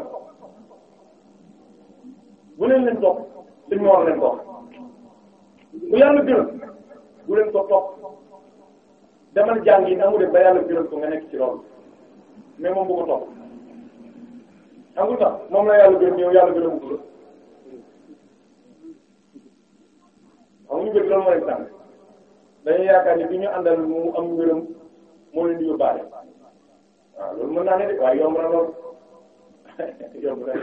bu leen leen topp dañu war leen topp bu yàlla gërëm bu leen ko topp demal jàng yi nangu def ba yàlla gërëm ko nga nekk ci loolu mais moom bu ko topp amul tax moom la yàlla gërëm yow yàlla xam nga ñu bëgg loolu mooy tànn dañuy yaakaar ni bi ñu àndal mu am ngërëm moo leen di yóbbaale waaw loolu mën naa ne de waaye yomb na lool yomb na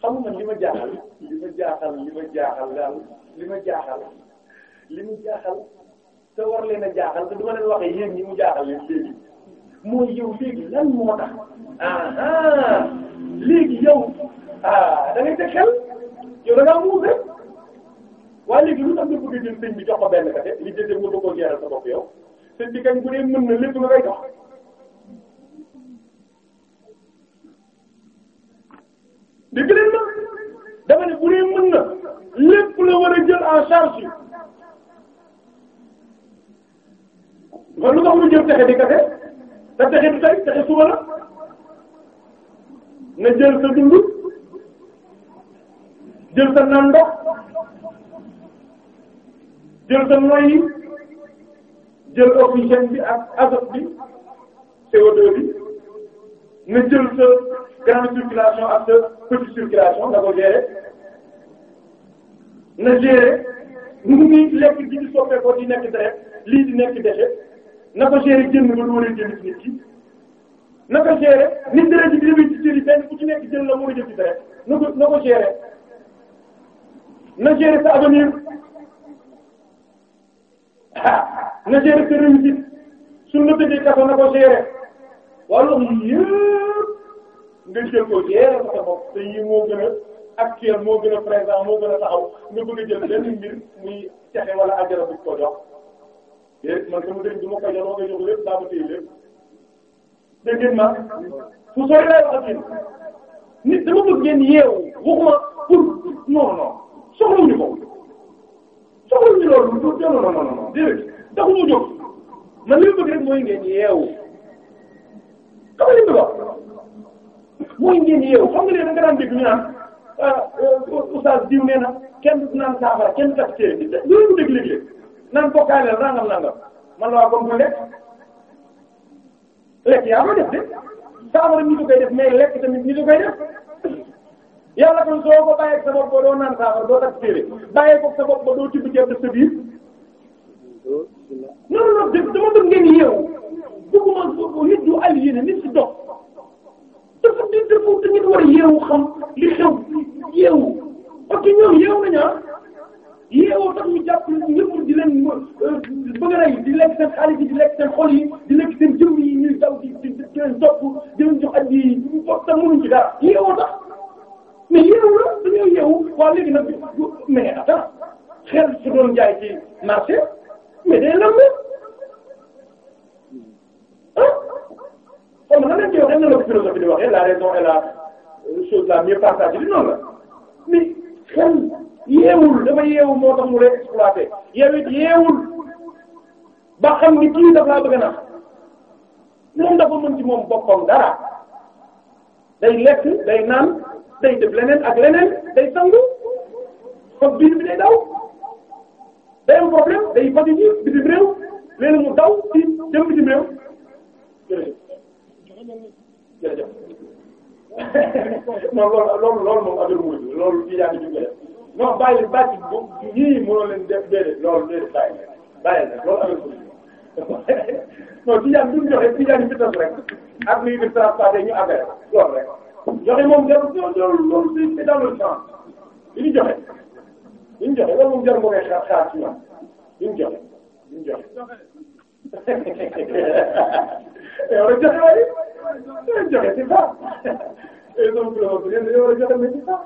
xam nga man li ma jaaxal li ma jaaxal li ma jaaxal li ma jaaxal li mu jaaxal te war leen a jaaxal wax duma leen waxee mu jaaxal leen léegi mooy yow léegi lan moo tax aha léegi yow ah da ngay teg xel yow da ngaa muus waaye léegi lu tax nga bëgg a jox ko benn kese li jëndee mën na koo jeeral sa bopp yow sëñ bi bu dee mën na lépp nga koy jox. dégg leen ma dama ne bu dee mën na lépp la war a jël en charge lu tax na jël sa dund jël sa naan jël sa noy jël oxygène bi ak azote bi CO2 bi nga jël sa grande circulation ak sa circulation nga ko gérer na gérer mu ngi lekk gi di soppeekoo di nekk deret lii di nekk déchet na ko gérer jënd ba doole jënd nit ki na ko gérer nit deret yi di demee ku ci nekk jël la mu war a jënd deret na ko na na gérer sa avenir. na gérer sa réussite suñ la tëjee kaso na ko gérer wala yëpp nga jël ko gérer ko sa bopp te yii moo gën a actuel moo gën a présent moo gën a taxaw nga bëgg a jël benn mbir muy texe wala ajara bu ko jox man sama dëgg du ko jox nga jox lépp daa ma téye lépp dégg ngeen ma fu sori lay wax ak nit dama bëgg ngeen yeewu waxuma pour non non soxlawuñu ko. soxal ñu loolu du non non non déedéet taxu mu jóg man li ma bëgg rek mooy ngeen yeewu xam nga li wax mooy ngeen yeewu xam nga léegi da nga daan dégg ñu naan ah euh, oustaz diw nee na kenn naan saafara kenn kat tee bi te loolu dégg léeg-léeg naan bokkaaleel nangam nangam man la waa kon bu lekk lekk yaa ma def de saafara ñi du koy def mais lekk tamit ñi du koy def. yàlla kon soo ko bàyyeeg sa bopp ba doo naan saafara doo takk téere bàyyeeg ko sa bopp ba doo tibb ceeb def sa biir. non non dama bëgg ngeen yeewu bëgguma nit du aliéné nit si dox dafa di dafa da ngeen war a yeewu xam li xew yeewu parce que ñoom yeewu nañu ah yeewoo tax ñu jàpp ñëpp di leen euh, bëgg a rey di lekk seen xaalis yi di lekk seen xol yi di lekk seen jëmm yi ñuy daw di di leen topp di leen jox at yi di mënuñ ci dara yeewoo tax. mais yeewu la dañoo yeewu waaw léegi nag mais attends xel su doon jaay ci marché mais day lambe ah comme nan lañ koy waxee nan la ko philosophie di waxee la raison est la chose la mieux partagée noonu la mais xel yeewul dafa yeewu moo tax mu lay exploité yow it yeewul ba xam ni kii dafa laa bëgg na moom dafa mën ci moom boppam dara day lekk day naan. day def leneen ak leneen day sangu kon biir bi day daw day am problème day fatigué bitim réew léegi mu daw ci jëm bitim réew jërëjëf jërëjëf non loolu loolu loolu moom affaire wu ñu loolu fii yaa ngi jugee def non bàyyi leen bàcc ñii mënoo leen def déedéet loolu déedéet bàyyi bàyyi leen loolu affaire wu joxe fii yaa ngi fi rek ak lii bi transparé ñu affaire loolu rek. joxe moom jarul loolu loolu c'est dans le champ li ñu joxe li ñu joxe loolu moom jarul nga koy xaar xaar ci ñoom li ñu joxe li ñu joxe. yow rek joxe waaye yow joxe c'est ça yow joxe mais c'est ça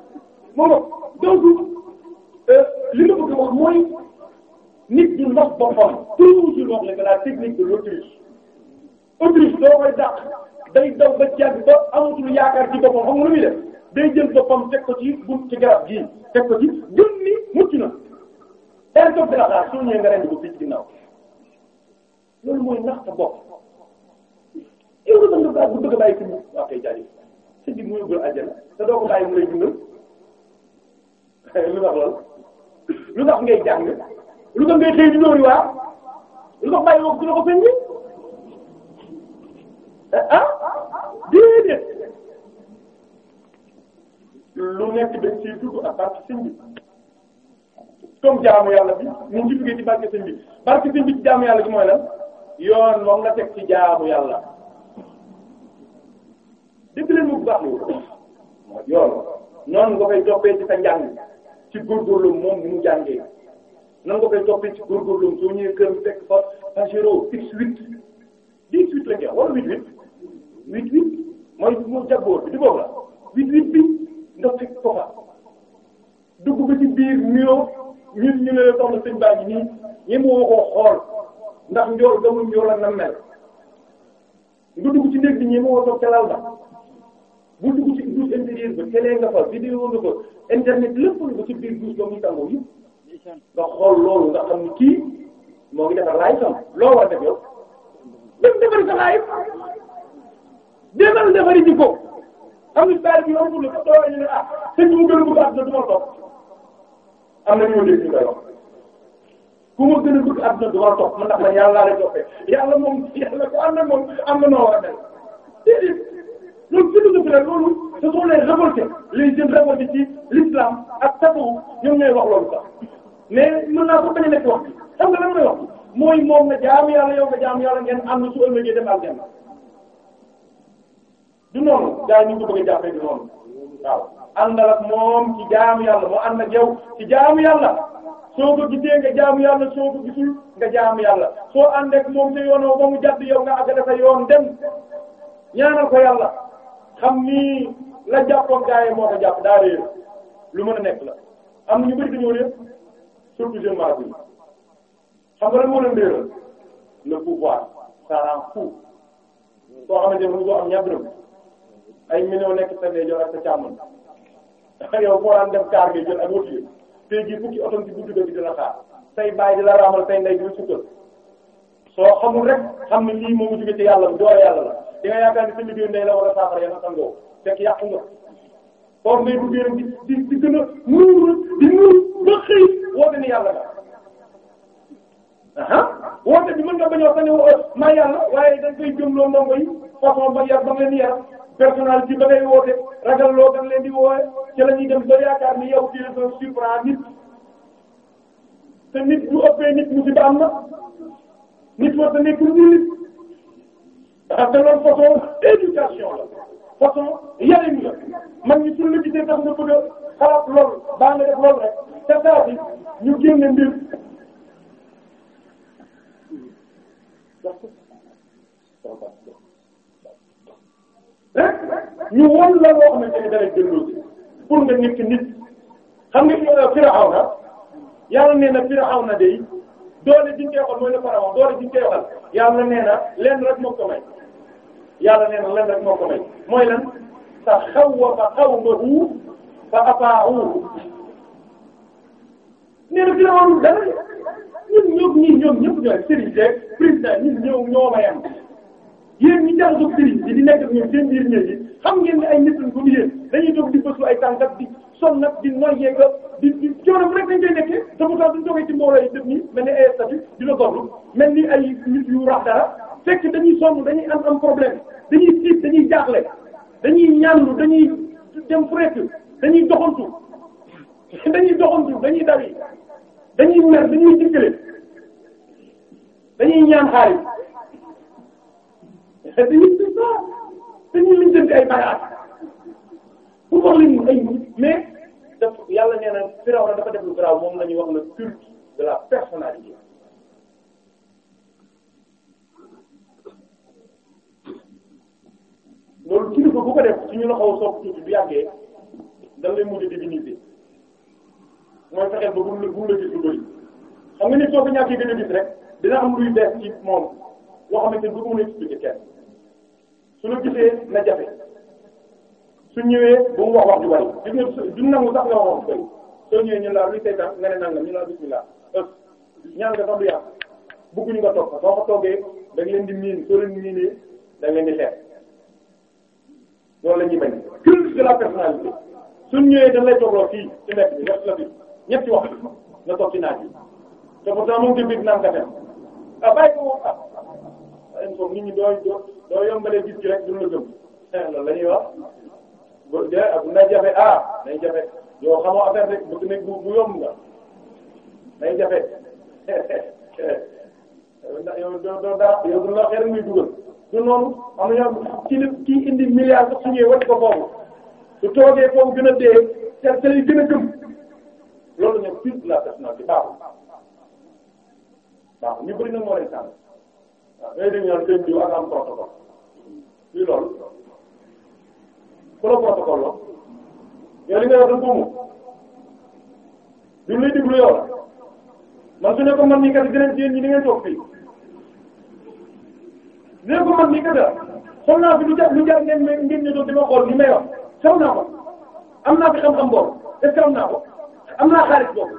moom donc li nga bëgg a wax mooy nit ñi de l'autruche Iblis doo koy dàq day daw ba ceeb ba amatul yaakaar ci boppam xam nga lu muy def day jël boppam teg ko ci bu ci garab gii teg ko ci gën ni na. day toog di la xaar soo ñëwee nga rendi ko fii ci ginnaaw loolu mooy nax sa bopp yow da nga baax bu bëgg a bàyyi fi mu waa kay jaajëf sa jig mu yóbbul àjjana te doo ko bàyyi mu lay dundal lu tax lool lu tax ngay jàng lu tax ngay xëy di dóori waa lu tax bàyyi woo dina ko feeñ ah déedéet lu nekk dañ ciy dugg à part sëñ jaamu yàlla bi mu ngi duggee ci barke sëñ barke sëñ ci jaamu yàlla bi mooy lan yoon moom la teg ci jaamu yàlla dégg leen mu baax yoon noonu nga koy toppee ci sa njàng ci góorgóorlu moom ni mu jàngee nan nga koy toppee ci góorgóorlu soo ñëwee kër fekk fa pagero x huit dix huit la nga wala huit huit huit huit mooy mooy bi du boobu la huit huit bi nga fekk ko fa ba ci biir nuyoo ñun ñu ne la soxna sëñ baa ngi nii ñem woo koo xool ndax njool njool la na mel nga dugg ci néeg bi ñem woo toog ca lal ba bu dugg ci douche intérieure ba télé nga fa vidéo nga fa internet lépp nga ci biir douche ba muy tàngoo yëpp nga xool loolu nga xam ni kii moo ngi defar laay sam loo war a def yow dem defar sa laay demal defari ji ko xam nga daal bi yombul la dafa ñu ne ah sëñ bi mu gën a bëgg àdduna du ma topp am na ñu dégg ñu koy wax ku ma gën a bëgg àdduna du ma topp man ndax man yàlla laa lay toppee yàlla moom yàlla ko am na moom am na noo war a mel déedéet donc surtout que loolu ce sont les révoltés les jeunes révoltés ci l'islam ak tabou ñoom ñooy wax loolu sax mais mën naa ko bañ a nekk wax bi xam nga lan mooy wax bi mooy moom na jaamu yàlla yow nga jaamu yàlla ngeen am na su ëllëgee dem aljanna du noonu gars yi ñu ko a jàppee du noonu waaw àndal ak moom ci jaamu yàlla moo ànd ak yow ci jaamu yàlla soo ko gisee nga jaamu yàlla nga jaamu yàlla soo ànd moom te yoonoo ba mu jàdd yow nga àgg dafa yoon dem ñaanal ko yàlla xam ni la jàppoon gars moo ko jàpp daa réer lu mën a nekk la am na ñu bëri dañoo réer surtout jeune marabout bi xam nga lan moo leen réeral le pouvoir ça fou soo xamante ne mënu soo am ñaar dërëm ay millions nekk sa ndeyjoor ak sa càmmoñ yow boo daan def kaar ngay jël ak wóotu tey jii fukki oto ci guddi bi di la xaar say baay di raamal say ndey di la sukkal soo xamul rek xam ne lii moomu jóge ci yàlla doole yàlla la di yaakaar ni sa liggéey ndey la war a saafara yàlla sangoo fekk yàqu nga foofu ngay duggee rek di di di gën a muur di muur ba xëy woote ni yàlla la ah woote bi mën nga bañ a wax ne maa yàlla waaye dañ koy gëmloo ndongo yi façon ba yar ba ngeen ba ngay woote ragal loo dañ leen di wooye ci la ñuy dem ba yaakaar ni yow ci sa surprend nit te nit bu ëppee nit musiba am na nit war na nekkul nii nit ah te loolu façon éducation façon yarin la man ñu suñu la gisee tax nga bëgg a xalaat lool baa nga def lool rek te saa si ñu génne mbir. ñu won la loo xamante ne dana jëndoo ci pour nga nekk nit xam nga Firawna yàlla nee na Firawna day doole jiñ koy waxal mooy le pharaon doole jiñ koy waxal yàlla nee na lenn rek moo ko may yàlla nee na lenn rek moo ko may mooy lan sa xawwa fa xawmahu fa nee na Firawna dara ñun ñoom ñii ñoom ñëpp ñooy Serigne Seck président ñun ñëw ñoo may am yéen ñi jaxasoo Serigne bi di nekk ak ñoom seen biir ñëw yi xam ngeen ne ay nit lañ ko yéen dañuy toog di bësu ay tànkat di sonn nag di noyyee ko di di coono rek dañ koy nekkee te bu tax duñ toogee ci mbooloo yi def nii mel ni ay statut di la gorlu mel ni ay nit yu rax dara fekk dañuy sonn dañuy am am problème dañuy tiit dañuy jaaxle dañuy ñaanlu dañuy dem fu nekk dañuy doxantu dañuy doxantu dañuy dawi dañuy mer dañuy diggale dañuy ñaan xaalis dañuy def ça dañuy lim jënd ay bagages pour wax leen ay mais def yàlla nee na dafa def lu garaaw moom lañuy wax le culte de la personnalité. loolu kilifa bu ko def ci ñu la xaw a soog tuuti bu yàggee da nga lay mooy fexe ba bu mu la gis lu bëri xam nga ni soo ko ñàkkee gën a gis rek dina am luy bees ci moom loo xamante ni du ko mën expliquer su la gisee na jafe su ñëwee ba mu wax wax ju bari gis nga du sax nga wax wax bëri soo ñëwee ñu la luy seytaan nga ne nangam ñu la bismillah ñaan nga sax du yàq bëgguñu nga toog soo ko toogee da leen di miin soo leen miinee da nga leen di xeex loolu la ñuy bañ culte de la personnalité suñ ñëwee lay toogloo fii ci ñetti waxtu nga toog ci naaj bi te pourtant moom tamit naan ka dem ah bàyyi ko ah, ah nit ñi doo doo yombalee gis ci rek duñ la gëm eh, loolu la ñuy wax bu dee ak ah, na jafe ah nay jafe yow xamoo affaire rek bu nekk bu yomb nga nay jafe yow doo doo dara yow duñ la xëy muy dugal du noonu am na ñoo ci kii indi milliard sax ko foofu su toogee foofu gën a dee te te lay gën a gëm. loolu nag culte de la personnalité baaxul baaxul ñu bëri nag moo leen sànq waaw day dem ñaan seen jiw ak am protocole lii loolu pour protocole la yow li nga wax da nga ko moom bi mu lay déglu yow la ne ko man mii kat gën a jiyeen ñi di ngeen toog fii nee ko man mii kat la xam naa fi lu jar lu jar ngeen ngeen ñu doon di ma xool li may wax xam naa ko am naa fi am naa xaalis boobu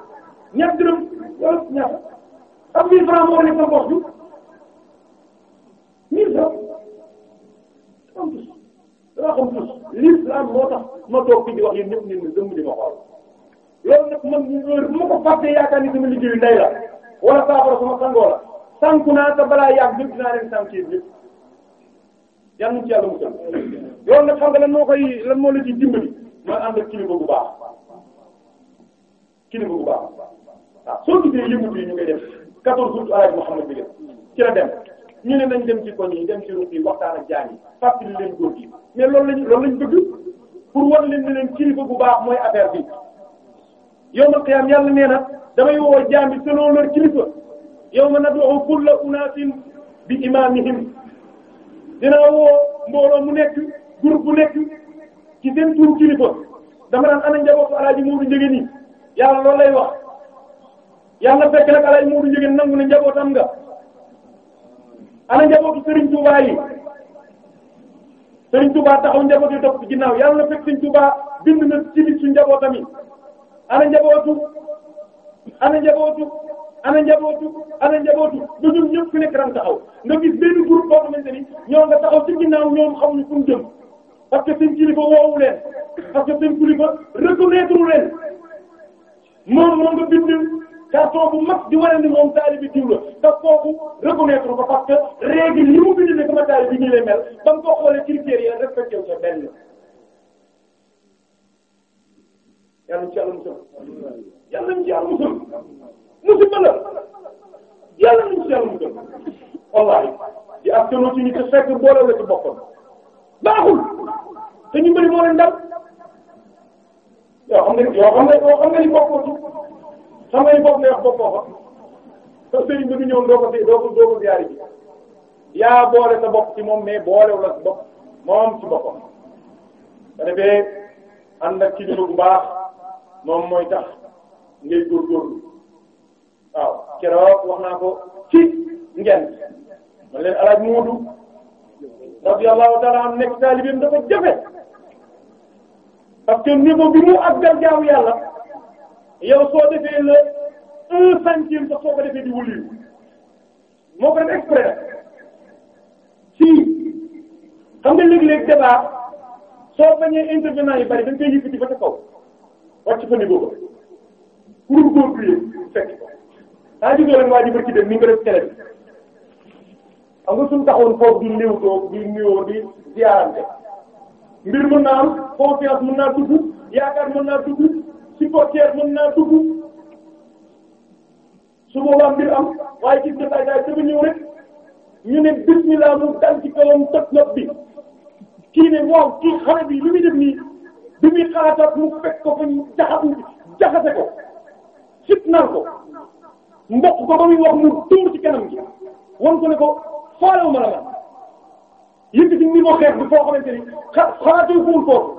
ñaar dërëm wala ñaar am 1000 francs moo nekk sa bopp bi 1000 francs am tus damaa xam tus moo tax ma toog fii di wax yéen ñëpp ñu ne dëmm di ma xool loolu nag man loolu bu ma ko fàttee yaakaar ni sama liggéeyu ndey la wala saafara sama sangoo la sanku naa te balaa yàgg yëpp dinaa leen sànq yëpp yëpp yal ci yàlla musal loolu nag xam nga lan moo koy lan moo la ci dimbali mooy ànd ak kilifa bu baax. kilifa bu baax waaw soo gisee yëngu yi ñu koy def 14 août alaaj Muhammad bi ci la dem ñu ne nañ dem ci koñ yi dem ci ruq yi waxtaan ak jaan yi fàttali leen góor gi mais loolu lañ dëgg lañ bëgg pour wan leen ne leen kilifa bu baax mooy affaire bi yawmal qiyaam yàlla nee na damay woo jaam bi selon leur kilifa yawma nad'u kulla unaasin bi imaamihim dinaa woo mbooloo mu nekk groupe bu nekk ci seen tur kilifa dama naan ana njabootu alaaji Moodu Njëgeen yi yàlla loolu lay wax yàlla fekk nag alay muudu njigéen nangu ne njaboot am nga ana njabootu Serigne Touba yi Serigne taxaw njaboot yi topp ci ginnaaw yàlla fekk Serigne Touba bind na ci biir su njabootam yi ana njabootu ana ana njabootu ana njabootu ba ñun ñëpp ku nekk ran taxaw nga gis benn groupe boo xamante ni ñoo nga taxaw ci ginnaaw ñoom xamuñu fu ñu jëm parce que seen kilifa woowu leen parce que seen kilifa reconnaître leen. moom moo nga bind carton bu mag di wane ni moom taalibi diw la te kooku reconnaître ko parce que règle li mu bind ne sama taalibi nii lay mel ba mu ko xoolee critères yi respecté wu sa benn. yàlla ci yàlla musal yàlla ci yàlla musal musiba la yàlla ci yàlla musal wallahi di ak ci nit fekk boole la ci boppam baaxul te ñu bëri moo leen dal. yoo xam ne yoo xam ne yoo xam ne ni bokkul samay bokk nga wax bokkoo fa te sëriñ bi ko yaa boole sa bopp moom mais boolewu la sa bopp moom ci boppam. ba defee ànd ak kilifa bu moom mooy tax ngay góorgóorlu waaw keroog wax naa ko ci ngeen man leen alaaj muudu radiyallahu ta'ala am nekk taalibeem dafa jafe. parce que niveau bi mu ak darjaaw yàlla yow soo defee le un centime soo ko defee di wuli moo ko def si xam nga léeg-léeg débat soo bañee intervenant yi bari dañ koy yëkkati ba ca kaw wàcc fa niveau ba pour conclure ko daa jógee leen waa ji ba ci dem ni nga def télé bi xam nga suñu taxoon foofu di néew doog di néew di ziarante mbir mën naa confiance mën naa dugg yaakaar mën naa dugg supporter mën naa dugg su boobaa mbir am waaye ci jotaay daal dafa ñëw rek ñu ne bismillah mu dal ci kawam toj nopp bi kii ne waaw kii xale bi li muy def nii bi muy xalaataat mu fekk ko fa jaxatu jaxase ko fitnaal ko mboq ko ba muy wax mu tuur ci kanam gi wan ko ne ko faalewu yëkkati niveau xeex bi foo xamante ni xa xalaatuñ ko woon foofu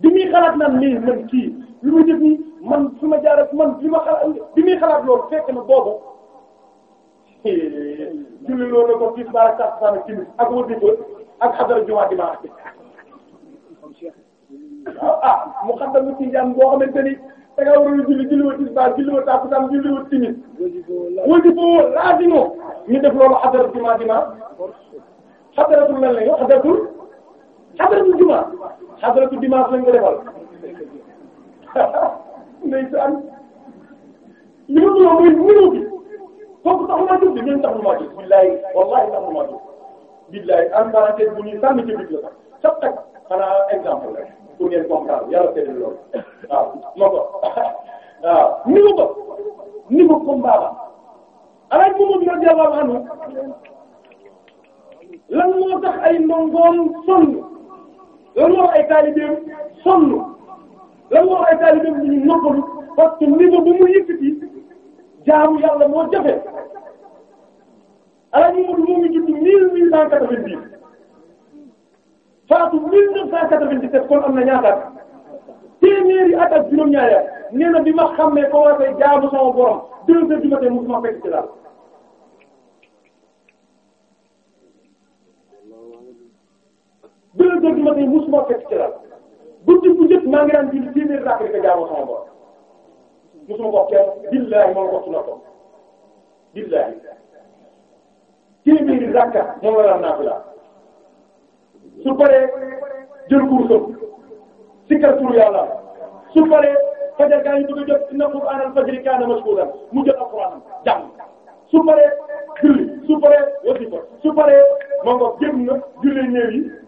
bi muy xalaat naan nii man kii li muy def man fi ma jaar ak man li ma xalaat bi muy xalaat loolu fekk na boobu. julli loolu la ko gis baal ak saa ak wër di ak xadara jumaa di ah mu xam tamit si njàng boo xamante ni da ngaa waroon julli julli wa tisbaar julli wa takkusaan julli wa timis wóor di ko laajinoo ñu def loolu xadara jumaa di xadaratul lan la yow xadaratul xadaratul dimanche xadaratul dimanche lañ ko defal ndeysaan li ma gënoon mooy mënoo bi kooku taxumaa jóg bi ñun taxumaa jóg billaay wallaay taxumaa jóg billaay en parenthèse bu ñuy sànni ci biir la sax sax xanaa exemple rek pour ngeen comprendre yàlla seetlu loolu waaw ma ko waaw ni ma ko ni ma ko mbaaba alaaj moom la jàllale lan moo tax ay ndongoom sonn lan moo ay taalibeem sonn lan moo ay taalibeem ñu noppalu parce que niveau bu mu yëkkati jaamu yàlla moo jafe ala ñu mën moo ngi judd mille huit cent quatre faatu mille neuf cent quatre kon am na ñaataat téeméeri at juróom-ñaari nee na bi ma xàmmee ko war a jaamu sama borom deux heures du matin mosuma fekk ci daal deux fekk ci daal guddi bu maa ngi daan julli téeméeri rakaa rek a jaamu sama borom mosuma ko wax kenn billaahi moom waxtu na ko billaahi téeméeri rakaa moom la daan naafila su paree jël kursam sikkar turu yàlla su paree fajar gaa ngi bëgg a jot inna qur'aanal fajri kaana mashhuudan mu jël alxuraan jàng su paree julli su paree wasifa su paree moo ko jëm na julli yi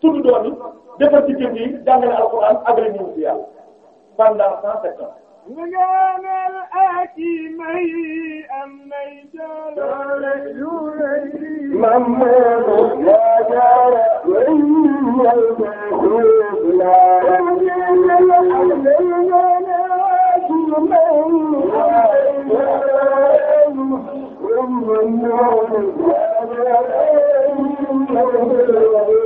suñu doom yi defar ci kër yi jàngale alxuraan agri ñu ci yàlla pendant cent sept ans. Ngaanal ak i may am nay doole yu rëy. Mamadou Diakara. wéyal ma xulóof laa. Ngaanal ak i may am nay doole. Mamadou Diakara.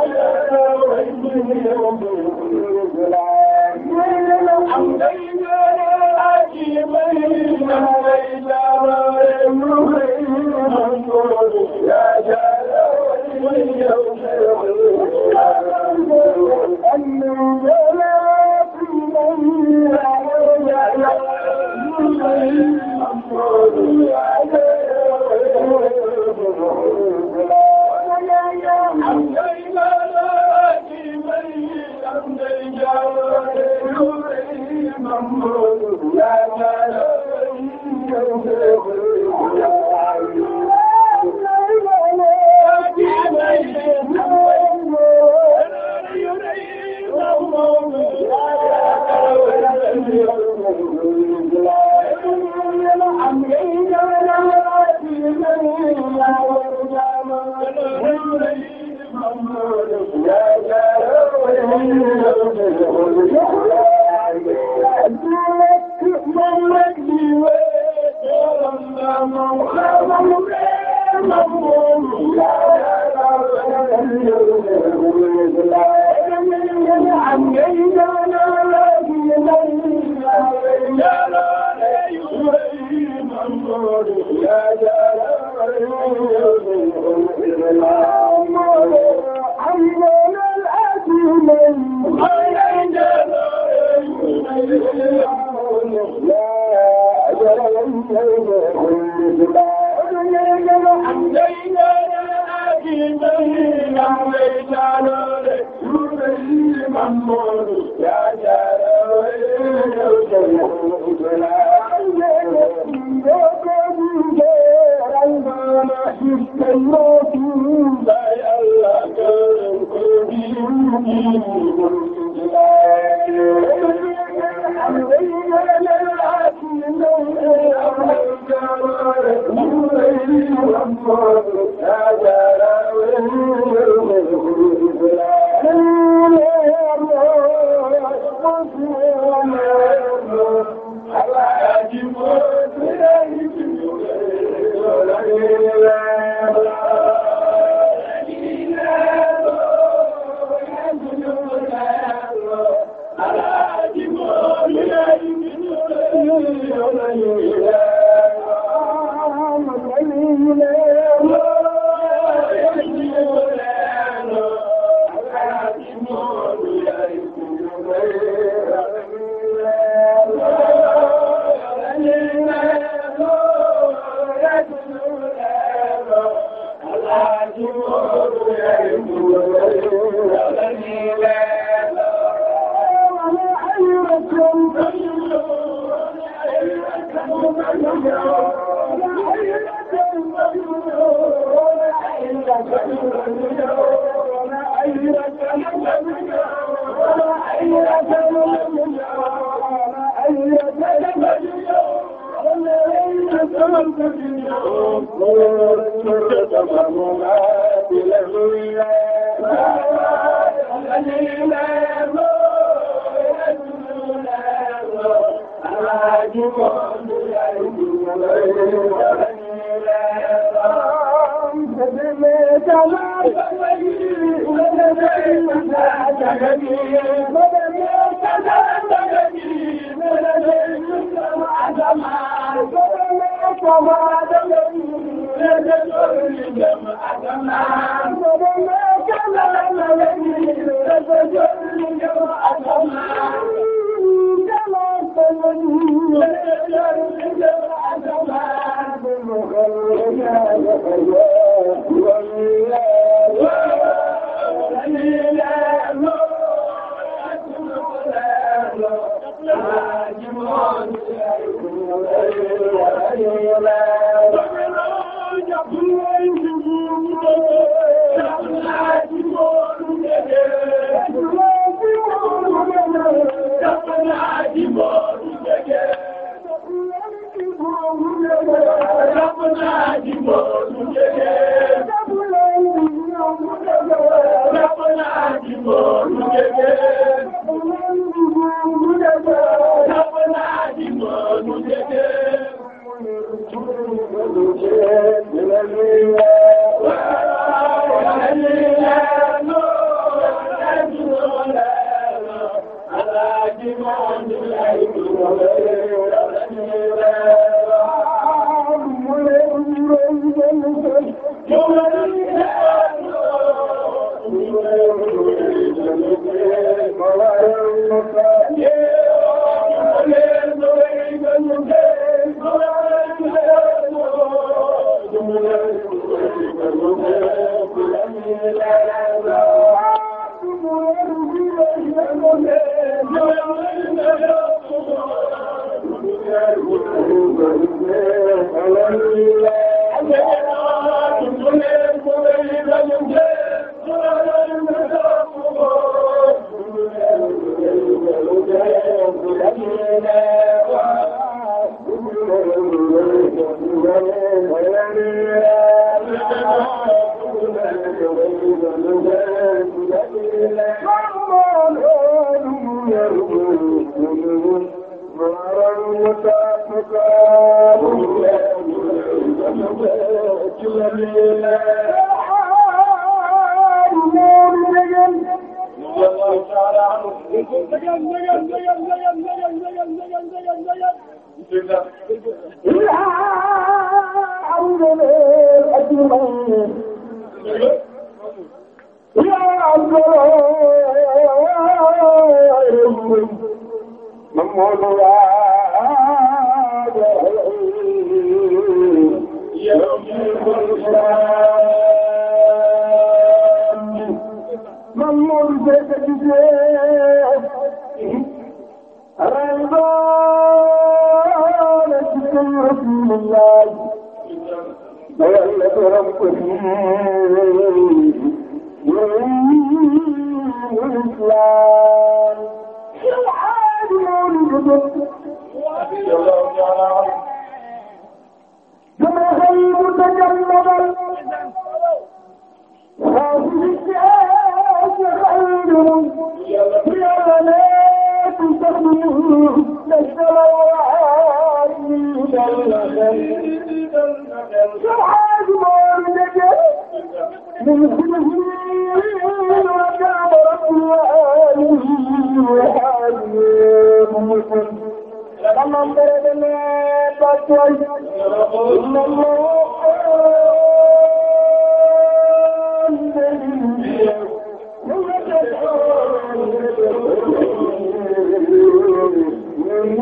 أن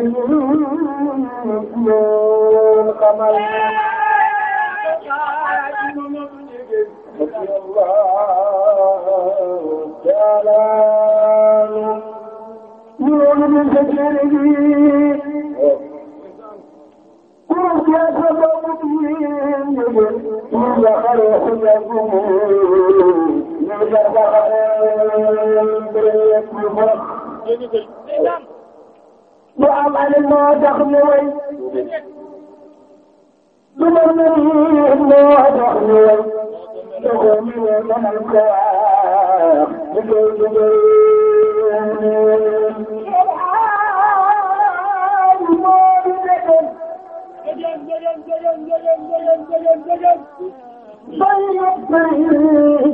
leen xamal Thank you. lu am alim moo tax ñu way lu ma mën moo tax ñu way lu ko mën a mënal ko wax lu ko dugal Bye.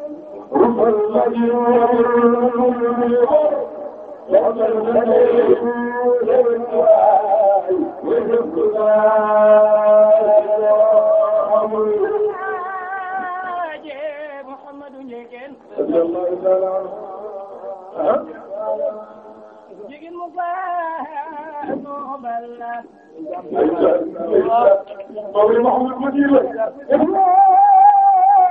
محمد والنور ومن لديه من واعي وحب محمد رضي الله تعالى عنه جيجن مفاهد مبلغ قولي محمد مدير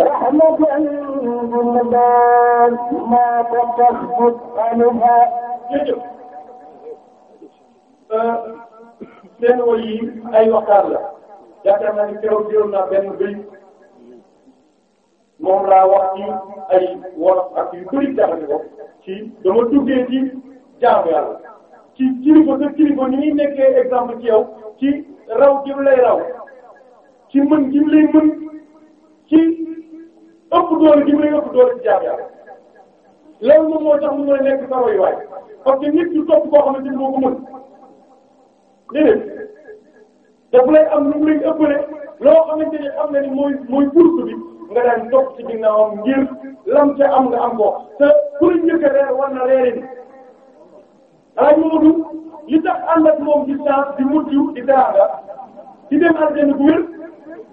رحمة بالبال ما تخفت عنها seen wóor yi ay waxtaan la yaakaar naa ni keroog jëloon naa benn bëy moom laa wax ci ay wolof ak yu bëri jaxase ko ci dama duggee ci jaamu yàlla ci kilifa sa kilifa ni ñuy nekkee exemple ci yow ci raw gi mu lay raw ci mën gi mu ëpp doole jëm nañ ëpp doole ci jaam yàlla loolu moom moo tax mu ngi nekk sa royuwaay parce que nit ñu topp koo xamante ni moo ko mën déedéet daf lay am lu mu lay ëppale loo xamante ni xam na ni mooy mooy bourse bi nga daan topp ci ginnaawam ngir lam ca am nga am ko te ku la njëkk a reer war na reere ni alaaj Mamadou li tax ànd ak moom di chance di mujj di daraga di dem ànd bu wér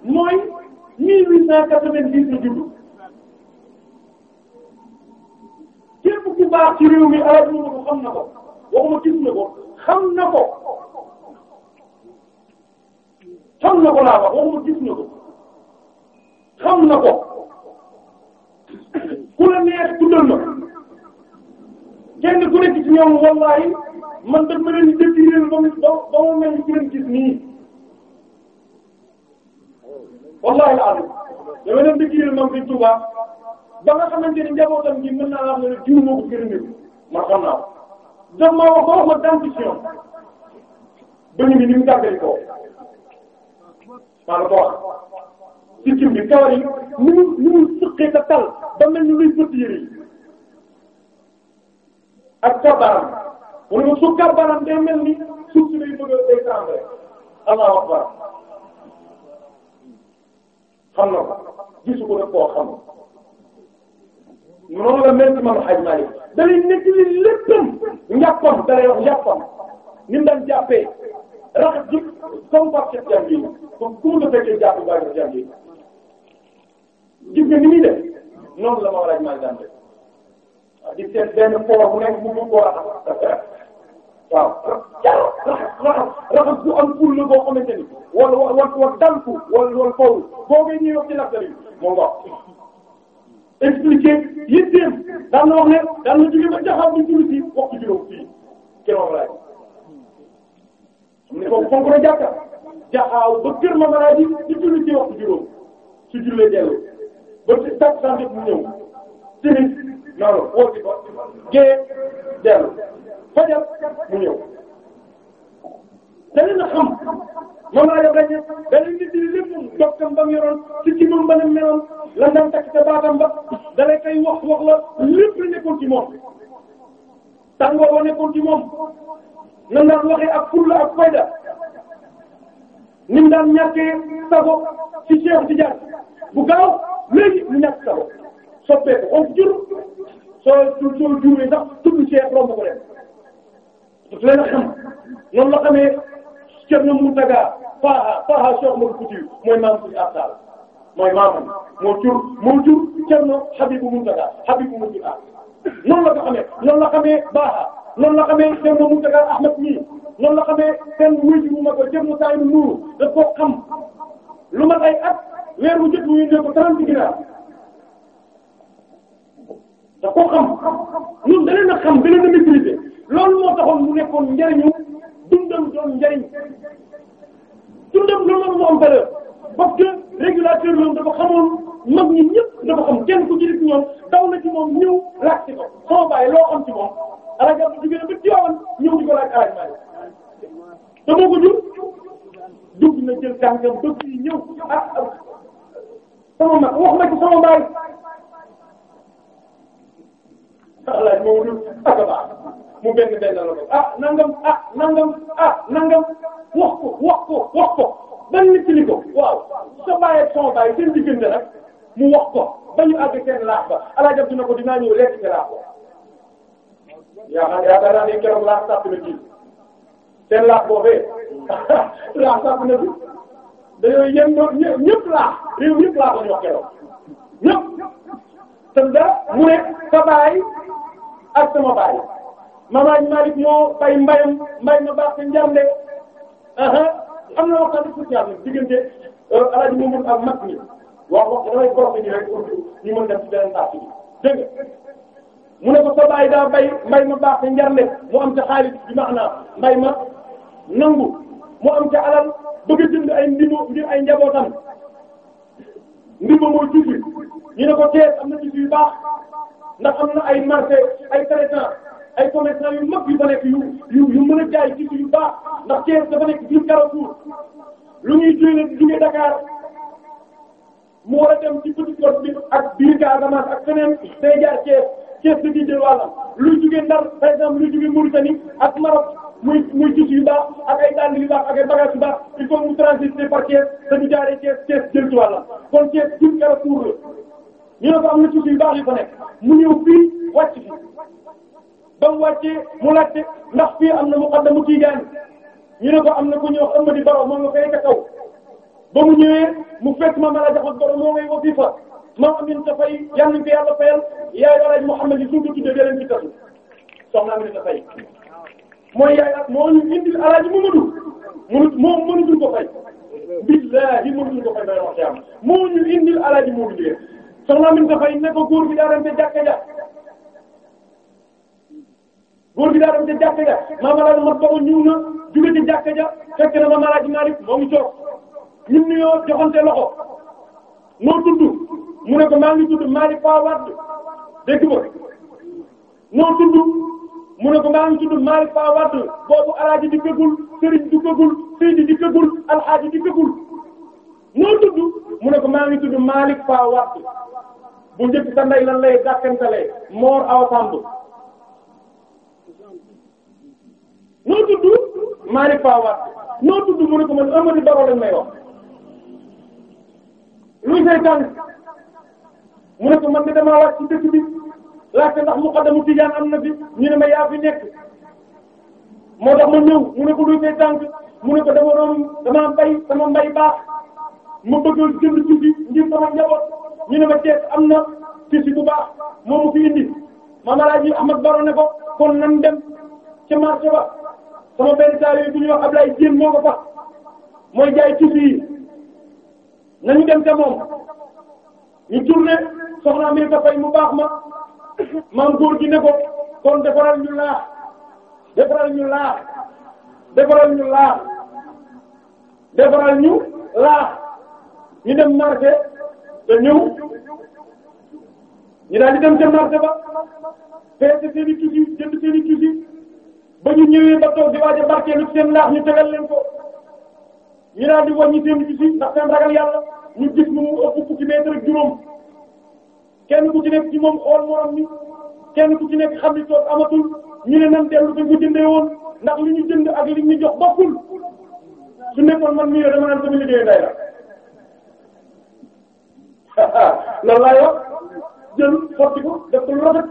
mooy 1890 la juddu képp ku baax ci réew mi xam na ko waxuma gis na ko xam na ko xam na ko laa wax waxuma gis na ko xam na ko ku la neex tuddal na kenn ku nekk ci ñoom wallahi man daf ma leen détiré ba mu ba mu mel ku leen gis nii wallahi la dama leen détiré moom bi Touba ba nga xamante ni njabootam gi mën naa la am ne jiw moo ko gërëm man xam naa ko ba wax ma dentition bëñ bi ni mu tàggali ko ko wax. système bi kawar yi ni mu ni mu ka tal ba mel ni luy bët yëre ak kabaram wala ma su kabaram day mel ni suuf si lay bëgg a day tàmbale allahu akbar xam na ko gisu ko daf koo xam. noonu la mel ci Maam Xaj Maalik da lay nekk li léppam njàppam da lay wax njàppam ni mu daan raxas ji comme par chef jàpp yi comme pour nga fekkee jàpp bàyyi ko jàpp yi gis nga ni muy def noonu la Maam Xaj Maalik daan def di seet benn poor bu nekk mu ko raxas waaw raxas raxas raxas bu am pour la ni wala wala wala dal ko wala wala foofu boo koy ñëw ci laajte bi moo expliqué yitteem daan na wax ne daan na jóge ba jaxaw bi julli si waxtu juróom fii keroog laaj xam ne foofu fonk na jàkka jaxaaw ba kër mamaraay bi di julli si waxtu juróom su jullee dellu ba ci tak sandet mu ñëw timit noonu woor ci danañ xam moom laa yor dañuy danañ nit ñi dokkam ba mu ci ci ba ne meloon lan daan takk ba dalay kay wax wax la lépp la nekkoon ci moom. tàngoor wa nekkoon ci moom nan daan ak fulla ak fayda ni mu daan ñàkkee sago ci Cheikh Tidiane bu gaaw léegi mu ñàkk sago soppeeku soo soo juuree sax tudd Cheikh romb ko def. daf leen a xam noonu la xamee Thierno Moutaga Paha Paha Cheikh Oumar Foutiyou mooy maam suñu Abdal mooy maamam moo jur moo jur Thierno Habibou Moutaga Habibou Moutaga noonu la ko xamee noonu la xamee Baha noonu la xamee Thierno Moutaga Ahmed mi noonu la xamee seen wuyu bu ma ko Thierno Taïb Nour daf koo xam lu ma ay at weer wu jot wu ñu ne ko 30 ginaar. da koo xam ñun da leen a xam da leen a maîtriser loolu moo taxoon mu nekkoon njariñu dundam doon njariñ dundam loolu moo am valeur parce que régulateur loolu dafa xamoon mag ñi daw na ci moom ñëw laaj ci ko sama bàyyi loo xam ci moom ala jàpp jugee na ba diwaan ñëw di ko laaj alaaj maay te jur dugg na jël tànkam dëkk yi ñëw ak ah, ah. sama mag wax ma ci sama bàyyi alaaj moo dul ak a baax mu benn benn la ko ah nangam ah nangam ah nangam wax ko wax ko wax a ban nit li ko waaw sa baay ak son baay seen diggante nag mu wax ko ba ñu àgg seen laax ba alaaj am dina ko dinaa ñëw lekk nga laax ko yaakaar yaakaar naa ne keroog laax sàpp na kii seen laax boobee laax sàpp na kii dañoo yem ñëpp laax réew yëpp laax la ñu wax keroog ñëpp. te da mu ne sa baay ak sama baay Mamaaj Malick moo bay mbayam mbay ma baax te njàmbe am na waxtaan ak social nag diggante euh, alaaji Mamadou ak mag mi wax wax damay borom ni rek pour ñu mën def ci beneen partie bi dégg nga mu ne ko sa baay daa bay mbay ma baax te njàmbe mu am ca xaalis bi maanaam mbay ma nangu mu am ca alal bëgg a jënd ay ndimo ngir ay njabootam mbir ma mooy juju ñu ne ko Thiès am na juju yu baax ndax am na ay marché ay traitement ay commerçant yu mag yu fa nekk yu yu yu mën a jaay juju yu baax ndax Thiès dafa nekk biir Carrefour lu ñuy jëlee jugee Dakar mu war a dem ci petit côte bi ak biir Casamance ak feneen day jaar Thiès Thiès da ciy jël wàllam luy jugee Ndar par exemple luy jugee Mauritanie ak Maroc. muy muy gis yu baax ak ay dàll yu baax ak ay bagages yu baax il faut mu transiter par Thiès dañu jaaree Thiès Thiès jël ci wàlla kon Thiès jur keroog pour la ñu ne ko am na suuf yu baax yu fa nekk mu ñëw fii wàcc fi ba mu wàccee mu laajte ndax fii am na muqaddamu Tijaani ñu ne ko am na ku ñuy wax Amady Baro moom nga fay ca kaw ba mu ñëwee mu fekk ma mala jox ak moo ngay woo fii fa maam Amine dafay yal nañu ko yàlla fayal yaay El Hadj Mouhamed yi suñu mooy yaay ak moo ñu indil alaaji Mamadou mënut moom mënutul ko fay billahi mënutul ko fay may wax jaam moo ñu indil alaaji Mamadou jigéen soxna min dafay ne ko góor bi daa dem te ja góor bi daa dem te jàkka ja maamalaaj ma taxu na jóge te jàkka ja fekk na maamalaaj Malick moo ngi toog ñun nuyoo joxante loxo noo tudd mu ne ko maa ngi tudd Malick Fawad dégg nga noo tudd mu ne ko maa ngi tudd Malick Fa Wade boobu alaaji di bëggul Serigne di bëggul Seydi di bëggul alaaji di bëggul noo tudd mu ne ko maa ngi tudd Malick Fa Wade bu njëkk sa lan lay gàkkantalee Mor Awa Samb noo tudd Malick Fa Wade noo tudd mu ne ko man Amady Baro lañ may luy say tànk mu ne ko man de damaa wàcc ci dëkk bi laajte ndax muqaddamu tijaan am na fi ñu ne ma yaa fi nekk moo tax ma ñëw mu ne ko luy fay tànk mu ne ko dama doon dama mbay sama baax ma bëgg jënd tuuti ngir ma ceeb am na tissu bu baax moo ne ko kon nan dem ca marché ba sama benn taalibe bu ñuy wax Ablaye Dieng moo ko fax mooy jaay tissu yi nañu dem ca moom ñu tourné soxna Aminata Faye mu baax ma maam góor gi ne ko kon defaral ñu laax defaral ñu laax defaral ñu laax defaral ñu laax ñu dem marché te ñëw ñu daal di dem ca marché ba feete seen i tuuti jënd seen i tuuti ba ñu ñëwee ba toog di waaj a barkeelu seen laax ñu tegal leen ko ñu daal di wàññi seen i tuuti ndax seen ragal yàlla ñu gis mu ëpp fukki mètre juróom. kenn ku ci nekk ci moom xool morom mi kenn ku ci nekk xam ni toog amatul ñu ne nan dellu ko ñu jëndee woon ndax li ñu jënd ak li ñu jox bokkul su nekkoon man mii dama naan sama liggéey day la loolu laay wax jël xotti ko def ko lu rafet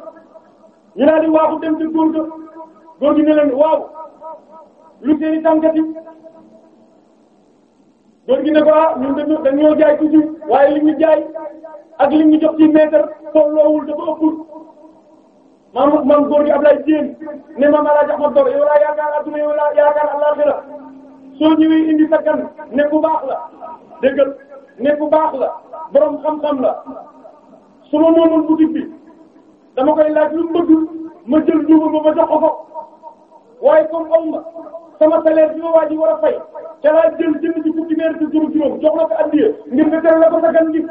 ñu daal di waaxu dem ci góor ga góor gi ne leen waaw lu seeni tànkati góor gi ne ko ah ñun dañoo dañoo jaay ci suuf waaye li ñu jaay ak li ñu jox ci mètre tolloowul dafa ëpp. maam maam góor gi Ablaye Dieng ne maam El Hadj Ahmad Dobe yow laa yaakaar adduna laa yaakaar soo ñëwee indi sa kan ne bu baax la déggal ne baax la borom xam-xam la su ma moomoon boutique bi dama koy laaj lu mu ma jël duuba ma ma jox ko waaye comme aw ma. sama salaire bi ma waa ji war a fay ca laa jël jënd ci fukki weer ci juróom-juróom nga teral la ko gan gi.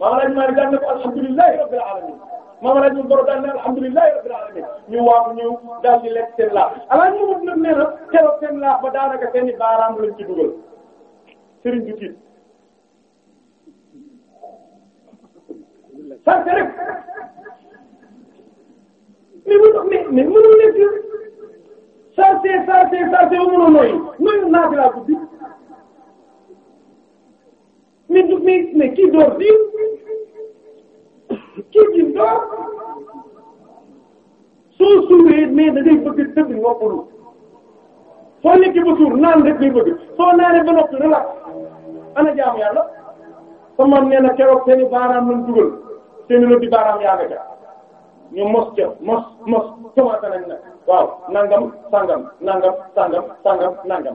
maama laaj maa ngi na ko alhamdulillahi rabbil alamin maama laaj moom borom daan alhamdulillahi rabbil alamin ñu waaw ñu daal di lekk seen laax alaaj ñu na keroog seen laax ba daanaka seen i baaraam lañ ci dugal sëriñ bi tiit sant rek mais mu dox mais mais mënul nekk sarse sarse sarse ba mënoo nooyi nooyu naafilaa guddi mi du mi mais kii door diir kii jim door soo suuree mais da ngay bëgg tëdd noppalu soo nekkee ba suur naan rek ngay bëgg soo naanee ba noppi relax ana jaam yàlla sama nee na keroog seen i baaraam lañ dugal seen i rëdd baaraam yaa nga ñu mos ca mos mos commencé nañ nag waaw nangam sangam nangam sangam sangam nangam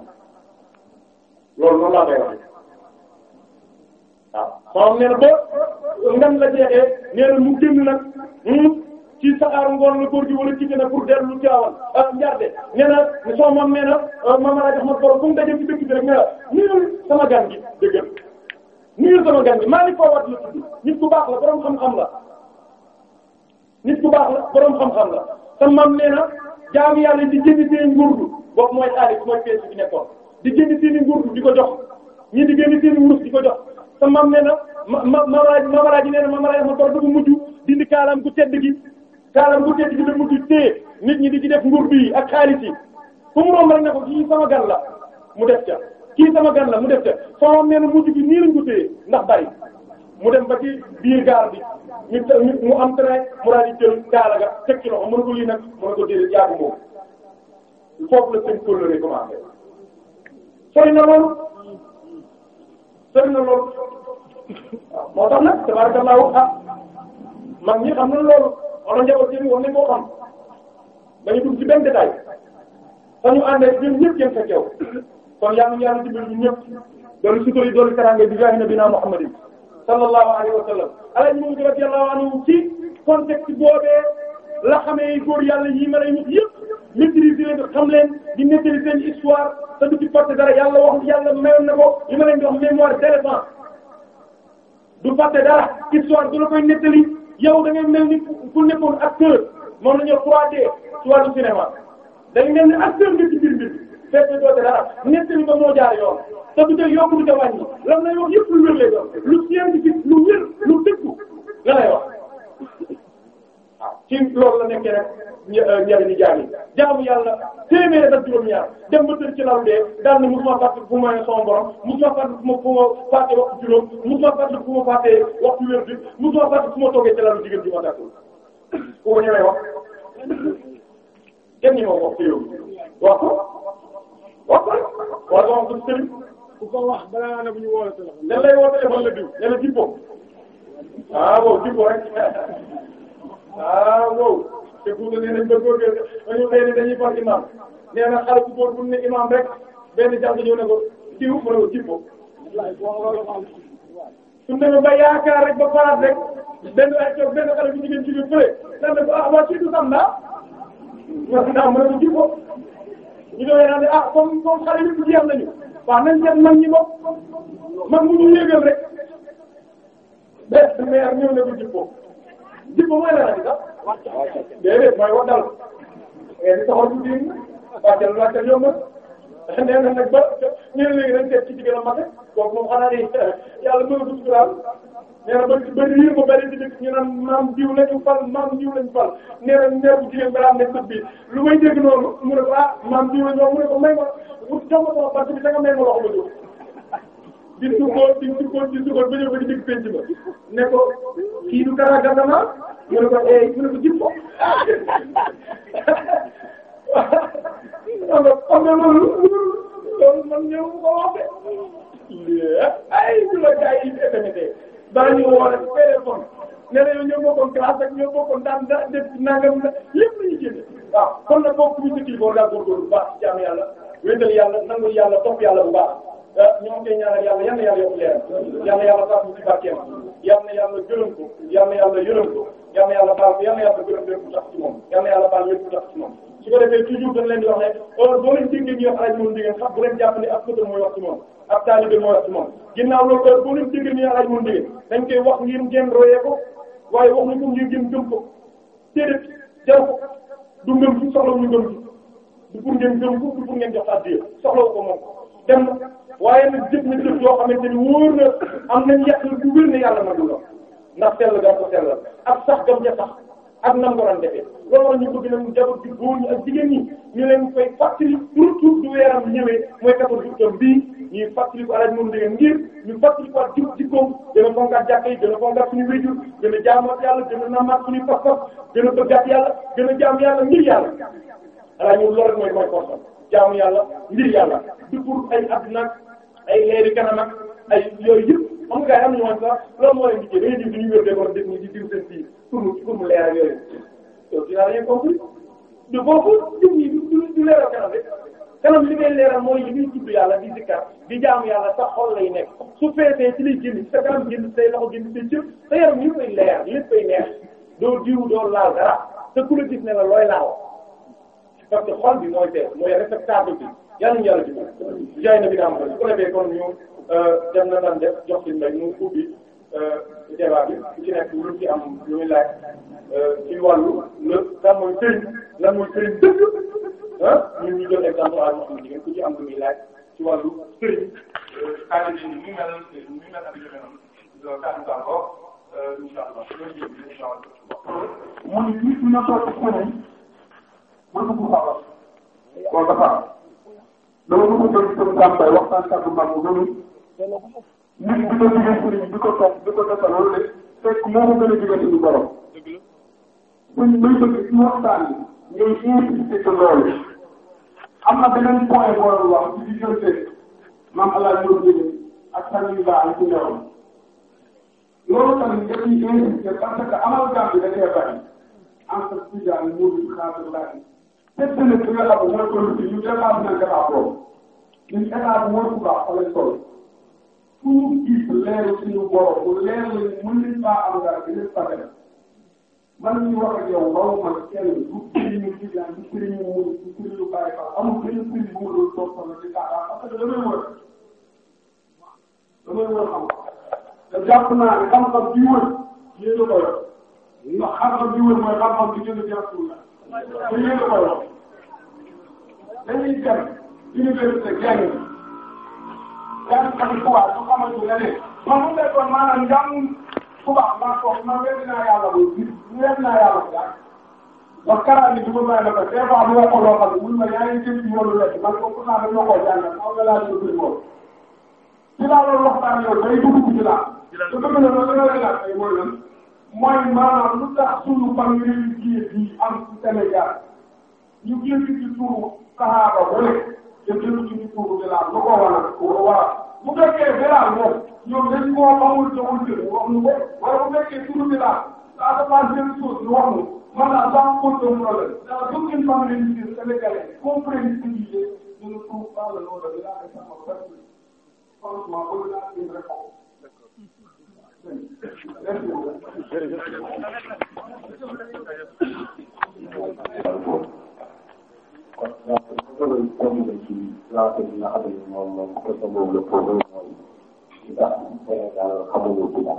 loolu noonu laa koy wax waaw xaw ma ne ngan la jeexee nee na mu génn nag hmm, ci saxaaru ngoon la góor gi wala kii na pour dellu Tivaouane ah, a nee na soo moom nee na ah, Maman Adja Ahmad Borom fu mu daje ci dëkk bi rek nee na nuyul sama gan gi dëgg nuyul sama gan gi maa ngi ko nit ku baax la borom xam-xam la. nit ku baax la borom xam-xam la te maam nee na jaamu yàlla di jënd seen ngurdu boobu mooy xaalis mooy peese bi nekkoon di jënd seen ngurdu di ko jox ñii di génn seen di ko jox te maam nee na ma ma mamaraaj mamaraaj nee na mamaraaj ma bor dafa mujj dindi kaalam gu tedd gi kaalam gu tedd gi da mujj téye nit ñi di ci def ngurdu yi ak xaalis yi fu mu romb rek ne ko kii sama gan la mu def ca kii sama gan la mu def ca soo nee na mujj gi nii lañ ko téye ndax bari mu dem ba ci biir gaal bi ñu mu am train mu daal di jël gaal ga teg ci loxo mën ko lii nag mën ko déedéet yàggu moom foofu la seen kóllëre commencé sori na loolu sori na loolu waaw moo tax nag tabarakallahu ah mag ñi xam na loolu wala njaboot yi war nañ koo xam dañu dugg ci benn détail fa ñu àndee ñun ñëpp sa teew kon yaa ngi yàlla dimbali ñun ñëpp doon sutura yi doon teraanga bi jaay na bi naa Muhammadin sallallahu alayhi wa sallam alaaj Maodo radiyallahu anhu ci contexte boobee la xamee góor yàlla yi ma lay wax yëpp maîtriser leen xam leen di maîtriser seen histoire te du ci porté dara yàlla wax yàlla mayoon na ko li ma leen di mémoire d'éléphant du porté dara histoire du la koy nettali yow da mel ni ku nekkoon acteur moom la ñu 3D ci mel ni acteur nga ci biir mbir fekk doo dara nettali ba moo jaar yoon te bu dee yokku te wàññi lan lay wax yëpp lu wér lay doon lu scientifique lu wér lu dëggu la lay wax waaw ah, ci loolu la nekkee rek euh, njëriñu jaam yi jaamu yàlla téeméer ak juróom-ñaar dem ba tër ci lalu dee daal ne musuma fàtte fu ma sama borom musuma fàtte fu ma fu ma fàtte waxtu juróom musuma fàtte fu ma fàtte waxtu wér bi musuma fàtte fu ma toogee ci lalu jigéen ji ma tàggul ku ko ñëwee wax kenn ñi ma wax ci yow wax ko wax ko wax ko wax sëriñ ku ko wax balaa nga ne bu ñu woo la la diw ne la jubbo wow jubbo rek ah, wow te ku ne nañ ba góor ñu xëy na dañuy far imam nee na xale bu góor bu ne imam rek benn jàpp ñëw ne ko diw ma ne ko jubbo. su demee ba yaakaar rek ba farat rek benn ay coow benn xale bu jigéen ci biir fële lan sam naa ndax mën na ko jubbo. Ah, ñu doon daal di ah comme comme xale yëpp jeex nañu waaw nañ seet mag ñi bopp mag mu ñu yéegal rek bés bu meer ñëw na ko jubbo jubbo mooy la rek sax déedéet mooy wax dal ngeen di a tuuti waa Jalle waa Jalle yomb na nee na nag ba ñu ne léegi nañ seet ci jigéen a mate kooku moom xanaa ni yàlla mënatu ci daal. nee na bëri bëri yëngu bëri di dégg ñu naan maam diw lañu fal maam diw lañu fal nee na neex bu jigéen balaa ne sët bi lu may dégg noonu ah maam diw lañu wax mu ma wut jox ma sama bant bi da ma loxo ma di sukkoon di sukkoon di sukkoon ba ñëw ba di dégg penc ba ne ko kii du dara gànnaaw mu ne ko eh mu jib ko. xam nga xam nga loolu loolu ko wax de ay bu la gaa yi di daañu woo rek téléphone nee na yow ñoo bokkoon classe ak ñoo bokkoon daan da def nangam la lépp la ñuy génne waaw kon nag bokk bu ñu ko daal góorgóorlu bu baax ci jaamu yàlla wéetal yàlla nangul yàlla topp yàlla bu baax ah, ñoo ngi koy ñaanal yàlla yal na yàlla yokk leer yal na yàlla sax mu ci barkeem yal na yàlla gërëm ko yal na yàlla yërëm ko yal na yàlla baal ko yal na yàlla gërëm lépp tax ci moom yal na yàlla baal lépp tax ci moom su ko defee toujours dañ leen di wax rek heure boo leen déggee ñuy wax alaaj moom jigéen sax ne ab sëtam mooy moom ab taalibe mooy wax ci moom ginnaaw loolu dañ koy wax ngir ngeen royee waaye wax na ko ngir ngeen gëm ko ko du ngëm du pour ngeen gëm ko du pour ngeen jox addiya soxla ko moom dem na na jëf yoo xamante ni am nañ yàq bu wér ne yàlla na du la ndax sell ga ko sellal ak sax gam ja sax ak nam ko doon defee loolu war ñu bëgg nag mu jabat ju góor ñi ak jigéen ñi ñu leen koy fàttali surtout du weeram ñëwee mooy kator jubtam bii ñuy fàttali ko alaj moom ndégéen ngir ñu fàttali ko ak jub jikkoom gën a fonkaat jàkka yi gën a fonkaat suñu wéjur gën a jaamat yàlla gën a nammaat suñuy pas-pas gën a bëggaat yàlla gën a jaam yàlla ngir yàlla alaa ñoom loolu rek mooy mooy force jaamu yàlla ngir yàlla du pour ay adduna ak ay leeri kanam ak ay yooyu yëpp xam nga gars yi am ñu woon sax loolu moo leen di jël dañuy diw di ñu wér décor def ni di pour mu pour mu leeral yooyu yow tu n'as rien compris du foofu nit ñi du du leeral kanam rek kanam li ngay leeral mooy li muy tudd yàlla di zikkar di jaamu yàlla sa xol lay nekk su feesee ci lay jënd sa kanam jënd say loxo jënd say cër sa yaram yëpp ay leer lépp ay neex doo diw doo laal dara te ku la gis ne la looy laal parce que xol bi mooy fees mooy respectable bi yàlla ñu yàlla ci moom jaay na bi daa am ko su ko defee kon ñu euh, dem na nan def jox ci mbay mu ubbi. débat bi ku ci nekk lu ci am lu muy laaj euh, ci wàllu la lan mooy sëriñ lan mooy sëriñ dëgg ah ñun ñu jël exemple à ñoo xam ne ku ci am lu muy laaj ci wàllu sëriñ xaaral ni mu mel mu mel ak jëfe noonu loolu tax nga ko euh, incha allah loolu jëm incha allah mu ne nit ñi toog ci sëriñ mën na ko xamal loolu dafa am dama bëgg a jël sama tàmbay waxtaan kàddu mag mu gënul nit bi ko digal sëriñ bi ko topp bi ko defal loolu de fekk moo ko gën a digal suñu borom. buñ may bëgg ci waxtaan bi ngay insisté ci loolu. am na beneen point boo doon wax ci diggante maam El Hadj Diop Ndege ak Sani Mba ak ci Ndeo. loolu tamit nga ciy insisté parce que amal gàmm bi da cee bari entre Tidjane Mouride Xaadir Laay. teg na bi nga xam ne mooy producteur ñu état bi nañ état boobu ñun état bi mooy ku baax fa lañ toll. fu ñu gis leeru suñu borom bu leer lañu mën nañu faa am dara dina fa dem man ñu wax ak yow raw ma kenn du këriñu Tijaan du këriñu Murid du këriñu Baay Faal amul benn këriñ bu ma doon toog sama di taxaw parce que damay wër damay wër xam te jàpp naa ne xam-xam bi wër yéen a ko yor ndax xam-xam bi wër mooy xam-xam bi gën a jàpp la te yéen a ko yor dañuy dem université jàng yan tamit tubaab du xamante ne ne man mu nekkoon maanaam njàngu tubaab maa ko man wér naa yàlla bu wér naa yàlla bu yàgg. ba karaan bi du ko may defar des fois mu wax ko loo xam ne ma yaa ngi jëm ci yoonu lekk man ko xanaa dañoo koo jàngal aw nga laaj lu ko ci laa loolu waxtaan yow day dugg ci laa. ci laa dugg ci laa dama la laaj mooy lan mooy maanaam lu tax suñu ban ngeen géej gi am ci Sénégal ñu géej gi ci suñu saxaaba bu nekk te déglu ci biir suufu bilaal lu ko waral lu waral bu fekkee bilaal moom ñoom dañ koo xamul te wul ñu wax ñu ko wala bu fekkee turu bilaal ça se passe même chose ñu wax ñu man à cent pour cent problème dans aucune famille du Sénégalais compris ce je ne trouve pas le nom de bilaal et ça me perturbe franchement bëgg naa une réponse. Merci. kawai wani da ke za ka yi haɗarin wannan kusa da problem wani kita sai da kamar da gida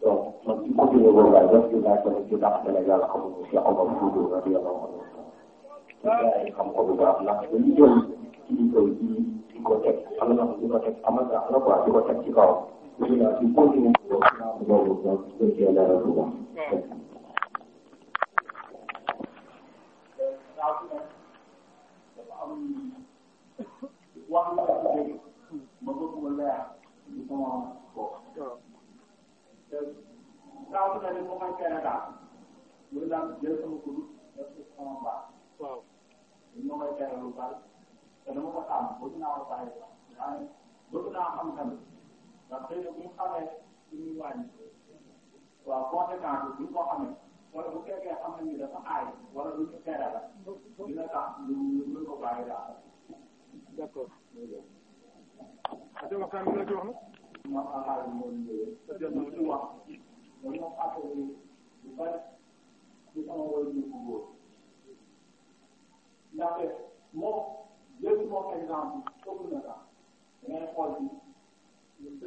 to mafi kuɗi da gwamna zan fi za ka rage da aka daga alhamdu da shi a ban fudo na biya ban wani ya yi kan kwado da na da miliyan kiri da yi ikotek an zama ikotek a maza rabuwa ikotek kikawa shi na fi kuɗi ne da wasu na mu zan fi zai da rabuwa Thank you. wax la ko dégg ma bëgg mu leer ñu sama bopp te saa su ne ni mu may kenn daal muy daal jël sama kudd def ko sama mbaa waaw ñu may kenn lu bari te dama ko tàmm bëgg naa ko bàyyi waaye bëgg naa xam tamit ndax xëy na bu ñu xamee suñuy wàññi waaw conséquence bi bu ñu ko xamee wala bu fekkee xam nañ ni dafa aay wala lu ci tere la dina tax lu lu ko bàyyi daal. d'accord. ate waxtaan bi la ci wax na. moom alxames moom la ci wax moom moom affaire bi bu bari ci sama wàllu jiwu góor ndaxte moom jël moom exemple foofu na sax da ngay xool